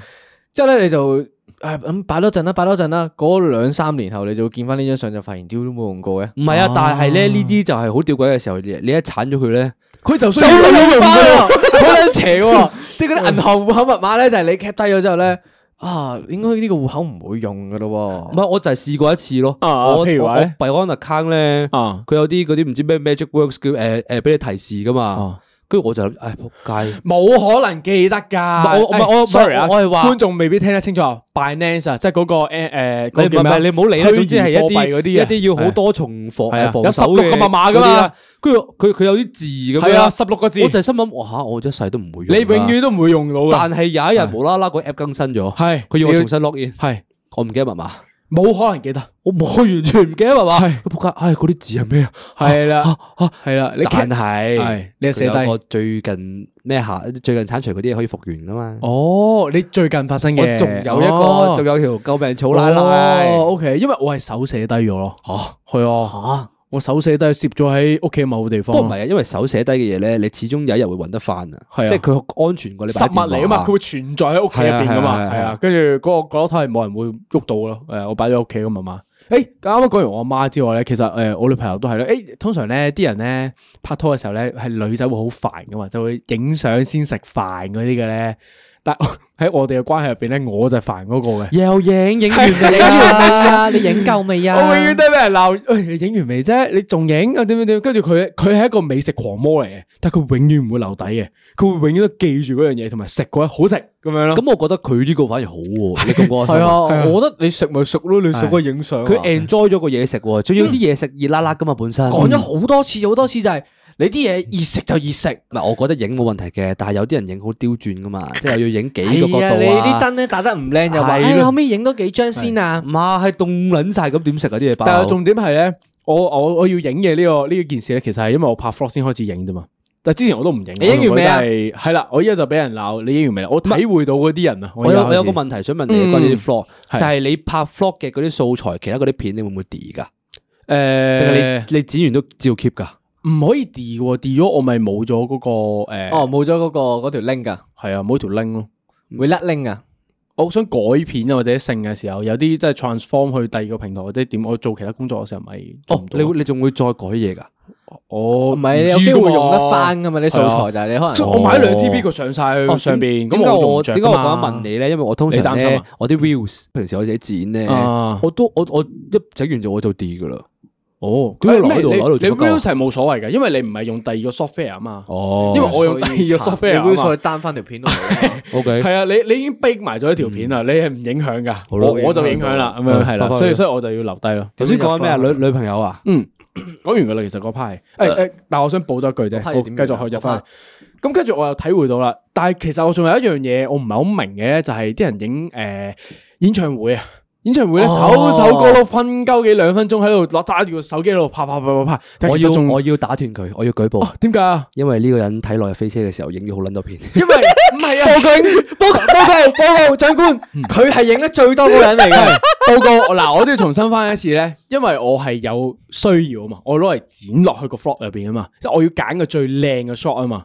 S1: 即係咧，啊、就你就。誒，咁擺多陣啦，擺多陣啦。嗰兩三年後，你就會見翻呢張相，就發現屌都冇用過嘅。唔係啊，啊但係咧呢啲就係好吊詭嘅時候，你一鏟咗佢咧，佢就需要、啊、用嘅。好邪喎，即係嗰啲銀行戶口密碼咧，就係、是、你 cap 低咗之後咧， 啊，應該呢個戶口唔會用噶咯。唔係，我就係試過一次咯。啊，譬如話咧幣安 account 咧，啊，佢有啲嗰啲唔知咩 magic works 叫誒誒，俾、嗯、你提示噶嘛。啊跟住我就唉，仆街！冇可能記得㗎。唔係我，sorry，我係話觀眾未必聽得清楚。Binance 啊，即係嗰個誒，你唔好理啦。總之係一啲一啲要好多重複，有十六個密碼噶嘛。跟住佢，佢有啲字咁樣。十六個字。我就心諗，哇嚇！我一世都唔會用。你永遠都唔會用到。但係有一日無啦啦個 app 更新咗，係佢要我重新 login。係我唔記得密碼。冇可能記得，我冇完全唔記得係嘛？仆街是，哎，嗰啲字係咩啊？係啦了，吓，係啦。啊、但係是、哎、你寫低，我最近咩下？最近鏟除嗰啲嘢可以復原噶嘛？哦，你最近發生嘅，仲有一個，仲、哦、有條救命草拉拉。哦、o、okay, K，因為我係手寫低咗咯。吓，係啊。我手寫低，攝咗喺屋企某個地方。不過唔係啊，因為手寫低嘅嘢咧，你始終有一日會揾得翻係啊。即係佢安全過你實物嚟啊嘛，佢會存在喺屋企入邊噶嘛。係啊，跟住嗰個角落係冇人會喐到咯。誒，我擺咗屋企咁啊嘛。誒、欸，啱啱講完我阿媽之外咧，其實誒、呃、我女朋友都係咧。誒、欸，通常咧啲人咧拍拖嘅時候咧，係女仔會好煩噶嘛，就會影相先食飯嗰啲嘅咧。但喺我哋嘅關係入邊咧，我就係煩嗰個嘅。又影，影完未啊、 哎？你影夠未啊？我永遠都俾人鬧，誒，你影完未啫？你仲影啊？點樣點樣？跟住佢，佢係一個美食狂魔嚟嘅，但係佢永遠唔會留底嘅，佢會永遠都記住嗰樣嘢，同埋食過好食咁樣咯。咁我覺得佢呢個反而好喎， 你咁講係啊？啊我覺得你食咪熟咯，你熟過影相，啊，佢 enjoy 咗個嘢食，仲要啲嘢食熱辣辣噶嘛，本身講咗好多次，好多次就係、是。你啲嘢易食就易食，唔我覺得影冇問題嘅，但係有啲人影好刁鑽噶嘛，即係又要影幾個角度、啊哎、你啲燈咧打得唔靚就話，可唔可以影多幾張先啊！嘛係凍撚晒咁點食嗰啲嘢。但係重點係咧，我我我要影嘅、這個這個、呢個呢件事咧，其實係因為我拍 vlog 先開始影啫嘛。但係之前我，我都唔影。你影完未？係係啦，我依家就俾人鬧。你影完未？我體會到啲人啊。是我，我有我有個問題想問你關於 vlog，、嗯、就係你拍 vlog 嘅嗰啲素材，的其他嗰啲片你會會、呃你，你會唔會 delete 噶？誒，你剪完都照 keep 噶？唔可以 d e l 噶，d 咗我咪冇咗嗰個誒，哦，冇咗嗰個嗰條 link 噶，係啊，冇條 link 咯，會甩 link 啊！我想改片啊，或者性嘅時候有啲即係 transform 去第二個平台或者點，我做其他工作嘅時候咪哦，你會你仲會再改嘢噶？哦，唔係你有機會用得返噶嘛你素材，就係你可能我買兩 TB 佢上晒去上邊。咁但點解我咁樣問你咧？因為我通常咧我啲 views 平時我自己剪咧，我都我我一整完就我就 d e l 噶啦。哦，喺度喺度，你孭冇所謂嘅，因為你唔係用第二個 software 啊嘛。哦，因為我用第二個 software 去嘛，可以 down 翻條片度。O K，係啊，你你已經逼埋咗一條片啦，你係唔影響噶。我我就影響啦，咁樣係啦。所以所以我就要留低咯。頭先講緊咩啊？女女朋友啊？嗯，講完噶啦。其實嗰 part，但我想補多一句啫。繼續去入翻。咁跟住我又體會到啦，但係其實我仲有一樣嘢我唔係好明嘅，就係啲人影誒演唱會啊。演唱會咧，首首歌都瞓鳩幾兩分鐘喺度攞揸住個手機喺度拍拍拍拍拍。我要我要打斷佢，我要舉報。點解啊？因為呢個人睇《落日飛車》嘅時候影咗好捻多片。因為唔係啊，報告報告報告長官，佢係影得最多個人嚟嘅報告。嗱，我都要重新翻一次咧，因為我係有需要啊嘛，我攞嚟剪落去個 vlog 入邊啊嘛，即係我要揀個最靚嘅 shot 啊嘛。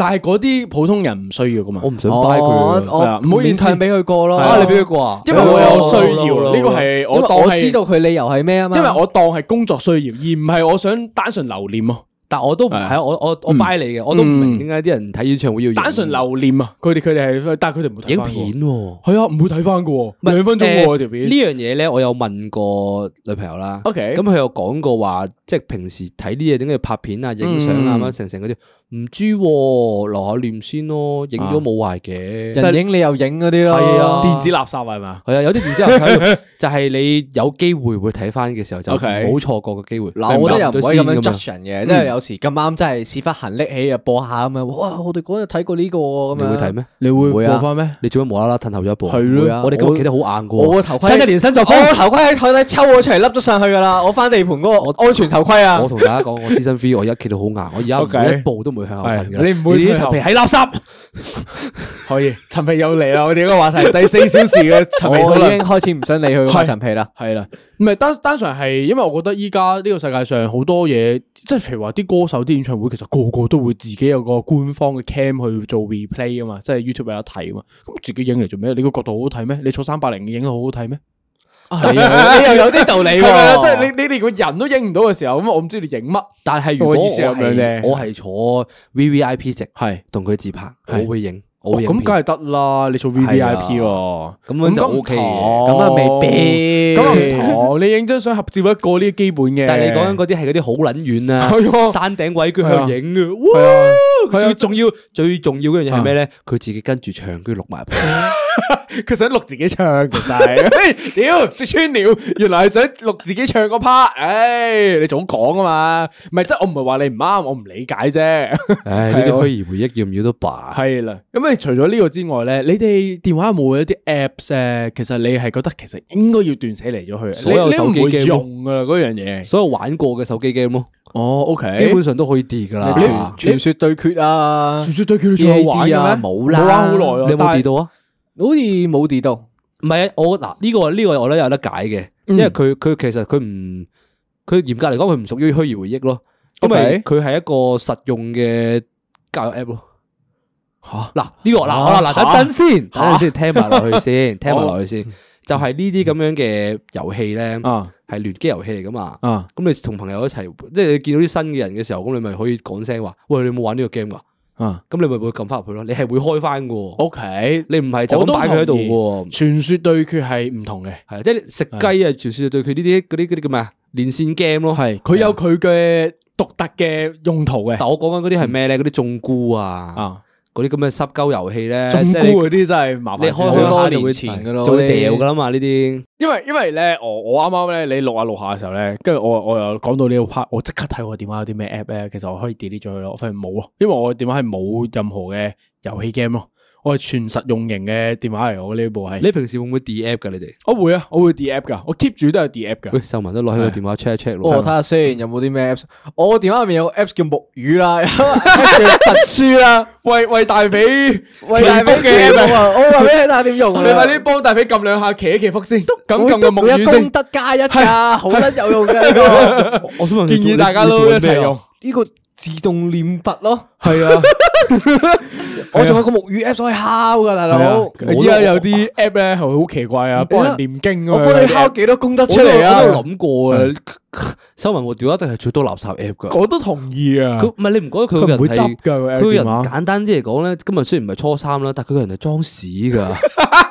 S1: 但係嗰啲普通人唔需要噶嘛，我唔想 buy 佢，唔好意思俾佢過咯。你俾佢過啊？因為我有需要咯。呢個係我我知道佢理由係咩啊嘛。因為我當係工作需要，而唔係我想單純留念咯。但我都唔係我我我 buy 你嘅，我都唔明點解啲人睇演唱會要單純留念啊？佢哋佢哋係，但係佢哋冇睇影片係啊，唔會睇翻噶，兩分鐘喎條片。呢樣嘢咧，我有問過女朋友啦。OK，咁佢有講過話，即係平時睇啲嘢點解要拍片啊、影相啊咁成成嗰啲。唔知，留下念先咯，影都冇壞嘅。就影你又影嗰啲咯，係啊，電子垃圾係咪啊？係啊，有啲電子垃圾就係你有機會會睇翻嘅時候就冇錯過個機會。嗱，我真係唔可以咁樣 judge 人嘅，即係有時咁啱真係事發行拎起就播下咁樣。哇，我哋嗰日睇過呢個咁樣。你會睇咩？你會播翻咩？你做乜無啦啦褪後咗一步？我哋今日企得好硬噶。我個頭盔新一年就高。我個頭盔喺台底抽我出嚟，笠咗上去噶啦。我翻地盤嗰個安全頭盔啊。我同大家講，我資深 feel 我而家企到好硬，我而家一步都係你唔會陳皮係垃圾， 可以陳皮又嚟啦！我哋呢個話題 第四小時嘅陳皮已經開始唔想理佢 開陳皮啦，係啦， 唔係單單純係因為我覺得依家呢個世界上好多嘢，即係譬如話啲歌手啲演唱會，其實個個都會自己有個官方嘅 cam 去做 replay 啊嘛，即係 YouTube 有得睇啊嘛，咁自己影嚟做咩？你個角度好好睇咩？你坐三百零影到好好睇咩？啊！你又有啲道理，係即係你你哋個人都影唔到嘅時候，咁我唔知你影乜。但係如果意思咁樣我係坐 V V I P 席，係同佢自拍，我會影。我咁梗係得啦！你坐 V V I P 喎，咁樣就 O K。咁啊未必。咁唔同你影張相合照一個呢？基本嘅。但係你講緊嗰啲係嗰啲好撚遠啊！山頂位佢去影啊！哇！佢最重要最重要嘅嘢係咩咧？佢自己跟住唱，佢錄埋。佢想錄自己唱，其實係屌說穿了，原來係想錄自己唱個 part。唉，你總講啊嘛，唔係即係我唔係話你唔啱，我唔理解啫。唉，呢啲虛擬回憶要唔要都罷。係啦，咁誒，除咗呢個之外咧，你哋電話有冇一啲 apps 啊？其實你係覺得其實應該要斷捨離咗去，所有手機 game 噶啦，嗰樣嘢，所有玩過嘅手機 game 咯。哦，OK，基本上都可以跌噶啦。傳說對決啊，傳說對決你仲有玩嘅咩？冇啦，冇玩好耐，你有冇跌到啊？好似冇跌到，唔係啊！我嗱呢、呢個呢、呢個我都有得解嘅，嗯、因為佢佢其實佢唔佢嚴格嚟講佢唔屬於虛擬回憶咯，咁咪，佢係一個實用嘅教育 app 咯。吓嗱呢個嗱嗱嗱等先，等陣先聽埋落去先，哈聽埋落去先。好就係呢啲咁樣嘅遊戲咧，係、嗯、聯機遊戲嚟噶嘛？咁、嗯嗯、你同朋友一齊，即係你見到啲新嘅人嘅時候，咁你咪可以講聲話，喂你有冇玩呢個 game 噶？啊，咁、嗯、你咪會撳翻入去咯，你係會開翻嘅。OK，你唔係就咁擺佢喺度嘅。傳說對決係唔同嘅，係即係食雞啊，傳說對決呢啲嗰啲啲叫咩啊？連線 game 咯，係佢有佢嘅獨特嘅用途嘅。但我講緊嗰啲係咩咧？嗰啲冬菇啊啊！嗰啲咁嘅濕鳩遊戲咧，中即係嗰啲真係麻煩，你開好多年前嘅咯，就會掉噶啦嘛呢啲。因為因為咧，我我啱啱咧，你錄下錄下嘅時候咧，跟住我我又講到呢個 part，我即刻睇我電話有啲咩 app 咧，其實我可以 delete 咗佢咯，我發現冇啊。因為我嘅電話係冇任何嘅遊戲 game 咯。我係全實用型嘅電話嚟，我呢部係。你平時會唔會 D app 噶？你哋？我會啊，我會 D app 噶，我 keep 住都係 D app 噶。喂，秀文都攞起個電話 check 一 check 咯。我睇下先，有冇啲咩 apps？我電話入面有個 apps 叫木魚啦、讀書啦、喂喂大髀，喂大髀嘅。我話俾你睇下點用。你快啲幫大髀撳兩下，祈一祈福先。咁撳個木魚先。功德加一啊，好得有用嘅。我想問建議大家都一齊用呢個自動念佛咯。係啊。我仲有個木魚 app 可以敲噶，大佬。而家、啊、有啲 app 咧係好奇怪啊，幫人念經。我幫你敲幾多功德出嚟啊！我都有諗過嘅。收文活調一定係最多垃圾 app 噶。我都同意啊。佢唔係你唔覺得佢個人係？佢個人嗎簡單啲嚟講咧，今日雖然唔係初三啦，但佢個人係裝屎噶。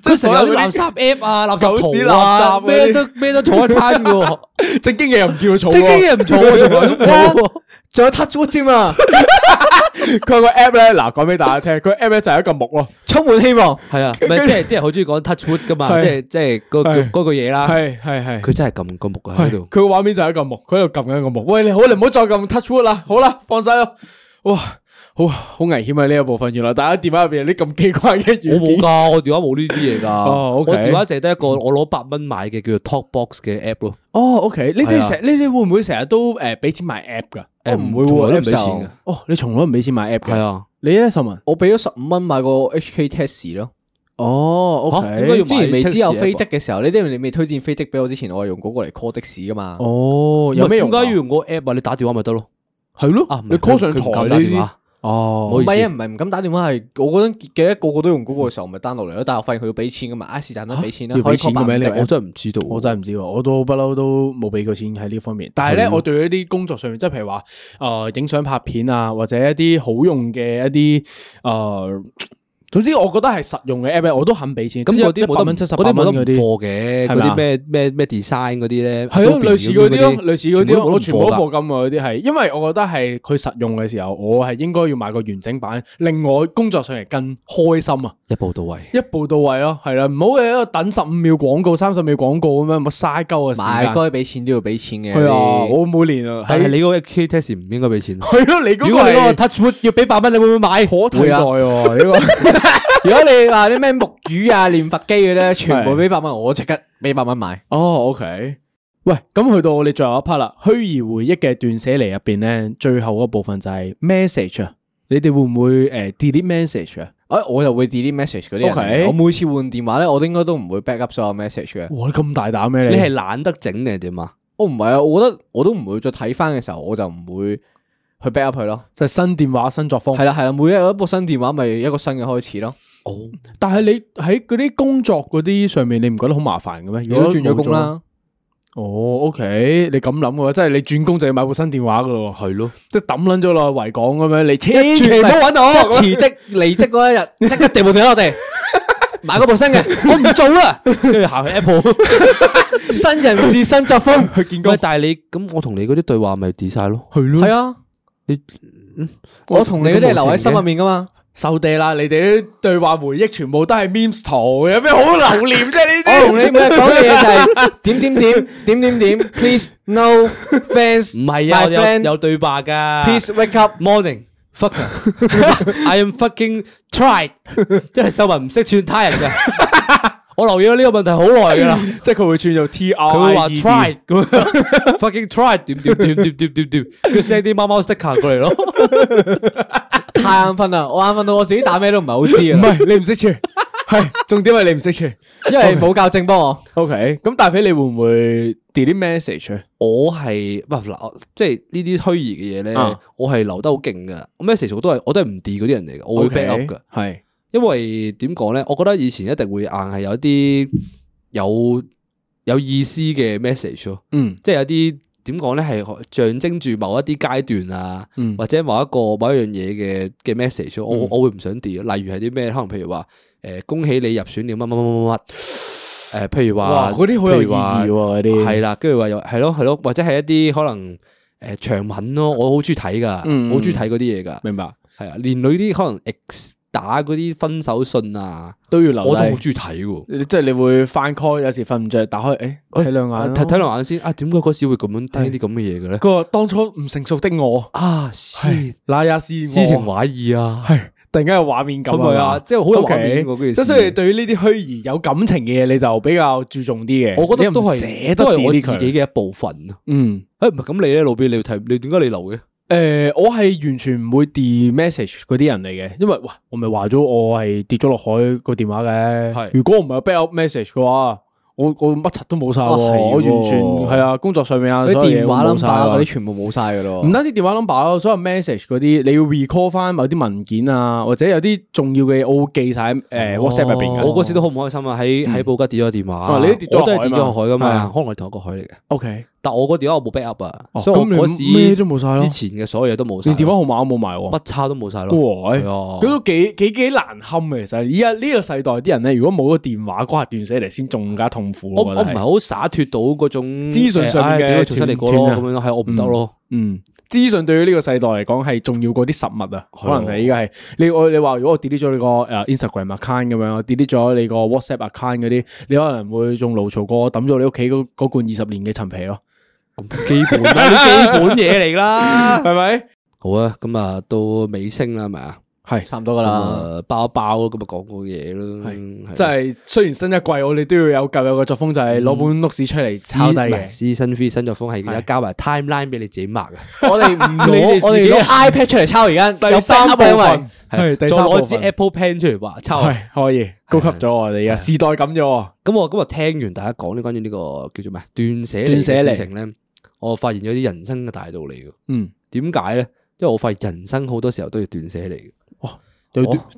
S1: 即係所有啲垃圾 app 啊，垃圾圖啊，咩都咩都坐一餐嘅正經嘢又唔叫佢坐，正經嘢唔坐啊，仲有 touch wood 添啊！佢個 app 咧，嗱，講俾大家聽，佢 app 咧就係一個木咯，充滿希望，係啊，即係啲人好中意講 touch wood 噶嘛，即係即係嗰個嗰個嘢啦，係係係，佢真係撳個木啊喺度，佢個畫面就係一個木，佢喺度撳緊一個木，喂，你好，你唔好再撳 touch wood 啦，好啦，放晒咯，哇！好好危險啊！呢一部分原來大家電話入邊啲咁奇怪嘅，我冇噶，我電話冇呢啲嘢噶。哦，我電話淨係得一個，我攞八蚊買嘅叫做 Talk Box 嘅 app 咯。哦，OK，你哋成，你哋會唔會成日都誒俾錢買 app 噶？我唔會，從來唔俾錢噶。哦，你從來唔俾錢買 app 嘅？係啊，你咧，秀文，我俾咗十五蚊買個 HK Taxi 咯。哦，之前未知有飛的嘅時候，呢啲你未推薦飛的俾我之前，我係用嗰個嚟 call 的士噶嘛。哦，
S2: 有咩用啊？點解
S1: 要用個 app 啊？你打電話咪得咯？係咯，啊，你 call 上台你。哦，唔係啊，唔係唔敢打電話，係我嗰陣記得個個都用嗰個嘅時候，咪 down 落嚟咯。但係我發現佢要俾錢㗎嘛，I 世代都俾錢啦，要俾錢嘅咩？你我真係唔知，知道，我真係唔知，我都不嬲都冇俾過錢喺呢方面。但係咧，我對一啲工作上面，即係譬如話，誒影相拍片啊，或者一啲好用嘅一啲誒。呃總之我覺得係實用嘅 app，我都肯俾錢。咁有啲百蚊、七十蚊嗰啲貨嘅，嗰啲咩咩咩 design 嗰啲咧，係咯，類似嗰啲咯，類似嗰啲。我全部都貨金啊，嗰啲係，因為我覺得係佢實用嘅時候，我係應該要買個完整版，令我工作上嚟更開心啊！一步到位，一步到位咯，係啦，唔好喺度等十五秒廣告、三十秒廣告咁樣，咪嘥鳩個時間。該俾錢都要俾錢嘅。係啊，我每年啊，但係你嗰個 HK Test 唔應該俾錢。係咯，你嗰個 Touch Wood 要俾百蚊，你會唔會買？可替代個。 如果你話啲咩木魚啊、念佛機嘅咧，全部俾百蚊，是我即刻俾百蚊買。哦、oh，OK。喂，咁去到我哋最後一 part 啦，《虛擬回憶》嘅斷捨離入邊咧，最後嗰部分就係 message 啊。你哋會唔會誒 delete message 啊？哎、呃，我又會 delete message 嗰啲。OK。我每次換電話咧，我應該都應該都唔會 backup 所有 message 嘅。嘩，你咁大膽咩你？你係懶得整定係點啊？我唔係啊，我覺得我都唔會再睇翻，嘅時候，我就唔會。去 back up 佢咯，就係新電話新作風。係啦係啦，每一日一部新電話咪一個新嘅開始咯。哦，但係你喺嗰啲工作嗰啲上面，你唔覺得好麻煩嘅咩？如果轉咗工啦。哦，OK，你咁諗嘅話，即係你轉工就要買部新電話噶咯。係咯，即係抌捻咗落維港咁樣，你千祈唔好揾我。辭職離職嗰一日，即係一定部電話我哋買部新嘅，我唔做啦，跟住行去 Apple，新人事新作風，去見工。但係你咁，我同你嗰啲對話咪跌晒咯，係咯，係啊。你我同你嗰啲係留喺心入面噶嘛？受地啦，你哋啲對話回憶全部都係 meme 圖，有咩好留念啫？呢啲我同你每日講嘅嘢就係點點點點點點。Please no fans，唔係啊，我有有對白噶。Please wake up morning，fucker，I am fucking tried。即係秀文唔識串他人嘅。我留意到呢個問題好耐噶啦，即係佢會轉做 T R 佢會話 try 咁，fucking try 點點點點點點點，跟住 send 啲貓貓 sticker 過嚟咯。太眼瞓啦，我眼瞓到我自己打咩都唔係好知啊。唔係你唔識串，係重點係你唔識串，因為冇教正幫我。OK，咁大肥，你會唔會 delete message？我係唔嗱，即係呢啲虛擬嘅嘢咧，我係留得好勁噶。message 我都係我都係唔 delete 嗰啲人嚟嘅，我會 backup 噶，係。因為點講咧？我覺得以前一定會硬係有啲有有意思嘅 message 咯，mm. 嗯，即係有啲點講咧，係象徵住某一啲階段啊，或者某一個某一樣嘢嘅嘅 message。我我會唔想 delete，例如係啲咩？可能譬如話誒，恭喜你入選了乜乜乜乜乜，誒、 呃，譬如話嗰啲好有意義喎，嗰啲係啦，跟住話又係咯係咯，或者係一啲可能誒長文咯，我好中意睇噶，好中意睇嗰啲嘢噶，明白？係啊，連女啲可能 X。打嗰啲分手信啊，都要留。我都好中意睇嘅，即係你會翻開，有時瞓唔着，打開，誒，睇兩眼，睇睇兩眼先。啊，點解嗰時會咁樣聽啲咁嘅嘢嘅咧？個當初唔成熟的我啊，係那也是詩情畫意啊，係突然間有畫面感啊，即係好多畫面。咁所以，對於呢啲虛擬有感情嘅嘢，你就比較注重啲嘅。我覺得都係都係我自己嘅一部分。嗯，誒，唔係咁，你喺路邊，你要睇，你點解你留嘅？誒，我係完全唔會 delete message 嗰啲人嚟嘅，因為喂，我咪話咗我係跌咗落海個電話嘅。係，如果唔係有 backup message 嘅話，我我乜柒都冇晒。我完全係啊，工作上面啊，所以電話 number 嗰啲全部冇晒噶咯。唔單止電話 number 咯，所有 message 嗰啲你要 recall 翻，某啲文件啊，或者有啲重要嘅，我會記晒誒 WhatsApp 入邊。我嗰時都好唔開心啊，喺喺布吉跌咗個電話。你都跌咗，我都係跌咗落海噶嘛，可能係同一個海嚟嘅。O K。但我個電話我冇 backup 啊、哦，所以我咩都冇晒咯，之前嘅所有嘢都冇，連電話號碼都冇埋，乜差都冇晒咯。係咁都幾幾幾難堪嘅。其實依家呢個世代啲人咧，如果冇個電話嗰斷捨離，先仲加痛苦我。我是我唔係好灑脫到嗰種資訊上邊嘅斷捨離過咁樣，係我唔得咯。嗯，資訊對於呢個世代嚟講係重要過啲實物啊，可能係依家係你我你話如果我 delete 咗你個誒 Instagram account 咁樣，delete 咗你個 WhatsApp account 嗰啲，你可能會仲嬲燥過抌咗你屋企嗰罐二十年嘅陳皮咯。基本啲基本嘢嚟啦，係咪？好啊，咁啊，到尾聲啦，係咪啊？係，差唔多噶啦。包一包咁啊，講個嘢咯。係，即係雖然新一季我哋都要有舊有嘅作風，就係攞本 notebook 出嚟抄低。唔係，新新新作風係而家交埋 timeline 俾你自己抹嘅。
S2: 我哋唔攞我哋攞 iPad 出嚟抄，而家有三個位，
S1: 係第三個位。攞支 Apple Pen 出嚟畫，抄係可以，高級咗我哋啊，時代咁咗。咁我今日聽完大家講呢關於呢個叫做咩斷捨斷捨離咧，我發現咗啲人生嘅大道理嘅，嗯，點解咧？因為我發現人生好多時候都要斷捨離嘅。哇、哦，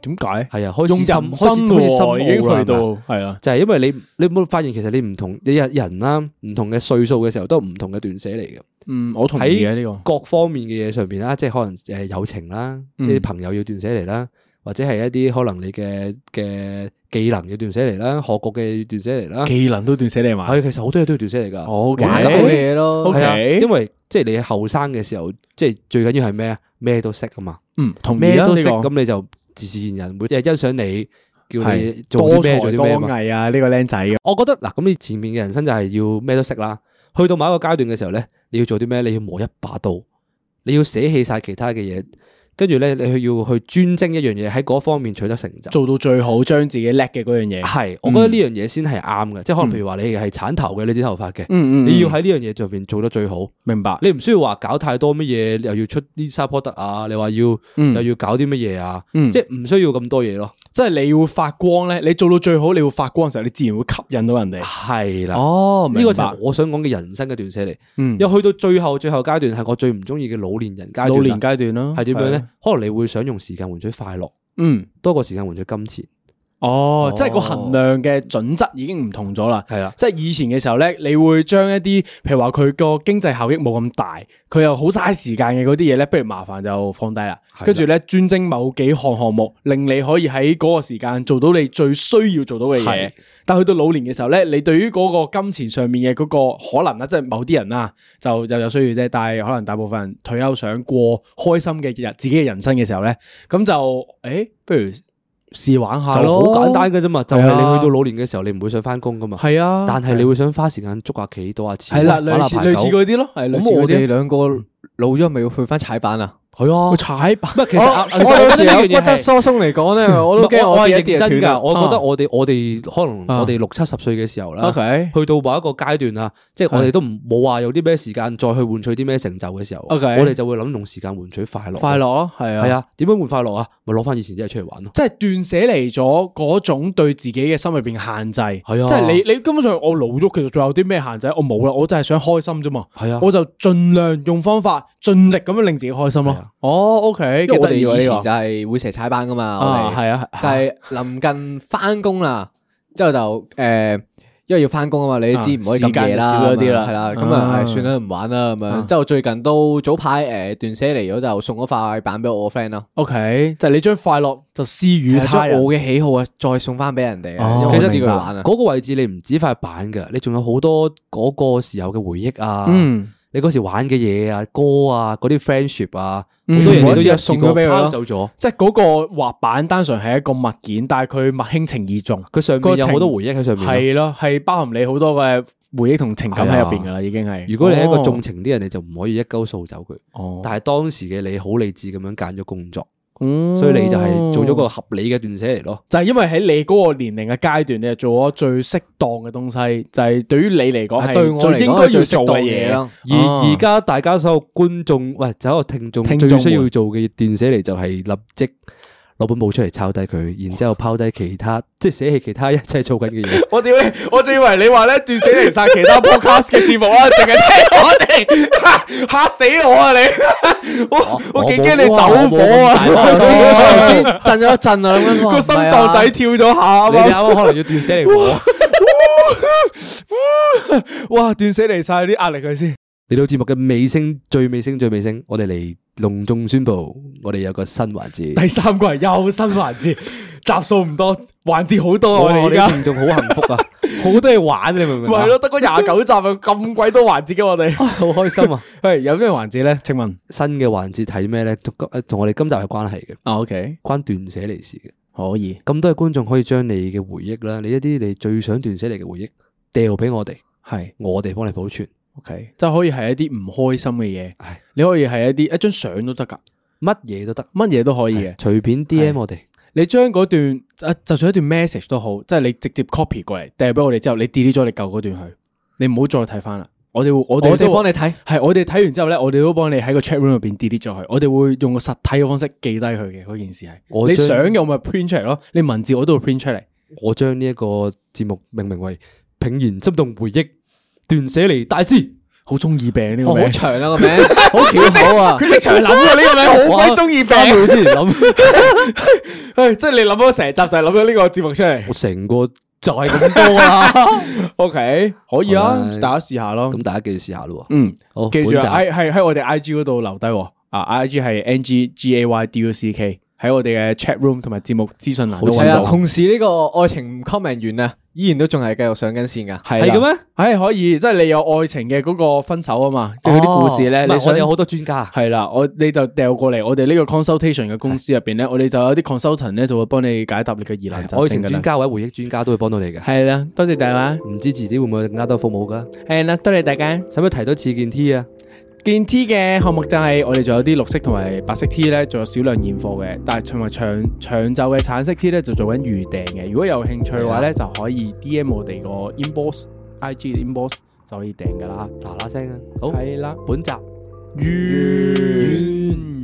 S1: 點解？係啊、哦，開始心開始好心無係啊，就係因為你你冇發現其實你唔同你人人、啊、啦，唔同嘅歲數嘅時候都唔同嘅斷捨離嘅。嗯，我同意嘅呢個各方面嘅嘢上邊啦，即係可能誒友情啦，嗯、即啲朋友要斷捨離啦。嗯或者係一啲可能你嘅嘅技能要斷捨離啦，學國嘅斷捨離啦，技能都斷捨離嘛。係，其實好多嘢都要斷捨離噶，好嘅嘢咯。因為即係、就是、你後生嘅時候，即、就、係、是、最緊要係咩、嗯、啊？咩都識啊嘛。同意啊咩都識，咁你就自自然人會即係欣賞你，是叫你做啲咩做啲咩啊？呢個僆仔我覺得嗱，咁你前面嘅人生就係要咩都識啦。去到某一個階段嘅時候咧，你要做啲咩？你要磨一把刀，你要捨棄晒其他嘅嘢。跟住咧，你去要去專精一樣嘢，喺嗰方面取得成就，做到最好，將自己叻嘅嗰樣嘢，係，我覺得呢樣嘢先係啱嘅，即係可能譬如話你係鏟頭嘅，你啲頭髮嘅，嗯嗯嗯、你要喺呢樣嘢上邊做得最好，明白？你唔需要話搞太多乜嘢，又要出啲 support 啊，你話要、嗯、又要搞啲乜嘢啊？即係唔需要咁多嘢咯。即係你會發光咧，你做到最好，你會發光嘅時候，你自然會吸引到人哋。係啦了，哦，明白，呢個就係我想講嘅人生嘅斷捨離。嗯，又去到最後最後階段，係我最唔中意嘅老年人階段。老年階段咯、啊，係點樣咧？的可能你會想用時間換取快樂，嗯，多過時間換取金錢。哦，oh, 即係個衡量嘅準則已經唔同咗啦。係啦，即係以前嘅時候咧，你會將一啲，譬如話佢個經濟效益冇咁大，佢又好嘥時間嘅嗰啲嘢咧，不如麻煩就放低啦。跟住咧，專精某幾項項目，令你可以喺嗰個時間做到你最需要做到嘅嘢。是的 但去到老年嘅時候咧，你對於嗰個金錢上面嘅嗰、那個可能啦，即、就、係、是、某啲人啊，就又有需要啫。但係可能大部分人退休想過開心嘅日，自己嘅人生嘅時候咧，咁就誒、欸，不如。試玩下咯，就好簡單嘅啫嘛，啊、就係你去到老年嘅時候，你唔會想返工㗎嘛。係啊，但係你會想花時間捉下、啊、棋、賭下、啊、錢、玩下牌九類似嗰啲咯。咁我哋兩個老咗，係咪要去返踩板啊？係啊，踩板。其實我我有骨質疏鬆嚟講咧，我都驚我係認真噶。我覺得我哋我哋可能我哋六七十歲嘅時候啦，去到某一個階段啊，即係我哋都唔冇話有啲咩時間再去換取啲咩成就嘅時候，我哋就會諗用時間換取快樂。快樂咯，係啊，點樣換快樂啊？咪攞翻以前啲嘢出嚟玩咯。即係斷捨離咗嗰種對自己嘅心裏邊限制，係啊，即係你你根本上我老咗，其實仲有啲咩限制？我冇啦，我真係想開心啫嘛。係啊，我就盡量用方法。盡力咁樣令自己開心咯。哦，OK，因為我哋以前就係會成日踩板噶嘛。啊，係啊，就係臨近翻工啦，之後就誒，因為要翻工啊嘛，你都知唔可以咁嘢啦，少咗啲啦，係啦。咁啊，係算啦，唔玩啦咁樣。之後最近都早排誒，斷捨離咗就送咗塊板俾我個 friend 啦。OK，就係你將快樂就施予他人，我嘅喜好啊，再送翻俾人哋啊。幾多次佢玩啊？嗰個位置你唔止塊板噶，你仲有好多嗰個時候嘅回憶啊。嗯。你嗰時玩嘅嘢啊，歌啊，嗰啲 friendship 啊，雖然、嗯、你都一次過拋走咗，送咗俾佢 即係嗰個滑板單純係一個物件，但係佢物輕情義重，佢上面有好多回憶喺上面，係咯，係包含你好多嘅回憶同情感喺入邊噶啦，的已經係。如果你係一個重情啲人，哦、你就唔可以一勾掃走佢。哦，但係當時嘅你好理智咁樣揀咗工作。嗯、所以你就係做咗個合理嘅斷捨離咯，就係因為喺你嗰個年齡嘅階段，你係做咗最適當嘅東西，就係、是、對於你嚟講係對我嚟講最應該要做嘅嘢咯。而而家大家所有觀眾，喂，就為一個聽眾眾最需要做嘅斷捨離就係立即。攞本簿出嚟抄低佢，然之後拋低其他，即係捨棄其他一切操緊嘅嘢。 我屌我仲以為你話咧斷捨離晒其他 podcast 嘅節目啦，定係 聽我哋吓死我啊你！
S2: 我 我幾驚你走火啊！先
S1: 震咗一陣啊，個心就仔跳咗下。你阿可能要斷捨離我？ 哇！斷捨離晒啲壓力佢先。嚟到節目嘅尾聲，最尾聲，最尾聲，我哋嚟隆重宣布，我哋有個新環節。第三季又新環節，集數唔多，環節好多啊！我哋觀眾好幸福啊，好多嘢玩，你明唔明？係咯，得個廿九集，咁鬼多環節嘅我哋，好開心啊！係有咩環節咧？請問新嘅環節睇咩咧？同我哋今集嘅關係嘅。啊，OK，關斷捨離事嘅，可以咁多嘅觀眾可以將你嘅回憶啦，你一啲你最想斷捨離嘅回憶掉俾我哋，係我哋幫你保存。O K，即係可以係一啲唔開心嘅嘢，唉你可以係一啲一張相都得㗎，乜嘢都得，乜嘢都可以嘅，隨便 D M 是我哋們。你將嗰段誒，就算一段 message 都好，即係你直接 copy 過嚟，掟俾我哋之後，你 delete 咗你舊嗰段去，你唔好再睇翻啦。我哋我我哋幫你睇，係我哋睇完之後咧，我哋都幫你喺個 chat room 入邊 delete 咗佢。我哋會用個實體嘅方式記低佢嘅嗰件事係。將你想用咪 print 出嚟咯，你文字我都會 print 出嚟。我將呢一個節目命名為《怦然心動回憶》。斷捨離大師好中意病呢個名，好長啊個名，好拗口啊佢識長諗啊呢個名，好鬼中意病先諗，唉，即係你諗咗成集就係諗咗呢個節目出嚟，我成個就係咁多啊。O K 可以啊，大家試下咯，咁大家記住試下咯。嗯，好記住 I 係喺我哋 I G 嗰度留低啊，I G 係 N G G A Y D U C K。喺我哋嘅 chat room 同埋節目資訊欄度，同時呢個愛情唔 coming m 遠啊，依然都仲係繼續上緊線噶，係係嘅咩？係、哎、可以，即係你有愛情嘅嗰個分手啊嘛，哦、即係啲故事咧，是你想我哋有好多專家，係啦，我你就掉過嚟，我哋呢個 consultation 嘅公司入邊咧，對我哋就有啲 consultant 咧，就會幫你解答你嘅疑難雜症嘅啦。愛情專家或者回憶專家都會幫到你嘅。係啦，多謝大家。唔知遲啲會唔會更加多服務噶？係啦，多謝大家，使唔使提多次件 T 啊？件 T 嘅項目就係我哋仲有啲綠色同埋白色 T 咧，仲有少量現貨嘅，但係長長長袖嘅橙色 T 咧就做緊預訂嘅。如果有興趣嘅話咧，麼就可以 D M 我哋個 inbox，I G 嘅 inbox 就可以訂噶、啊、好啦，嗱嗱聲啊，好係啦，本集完。完完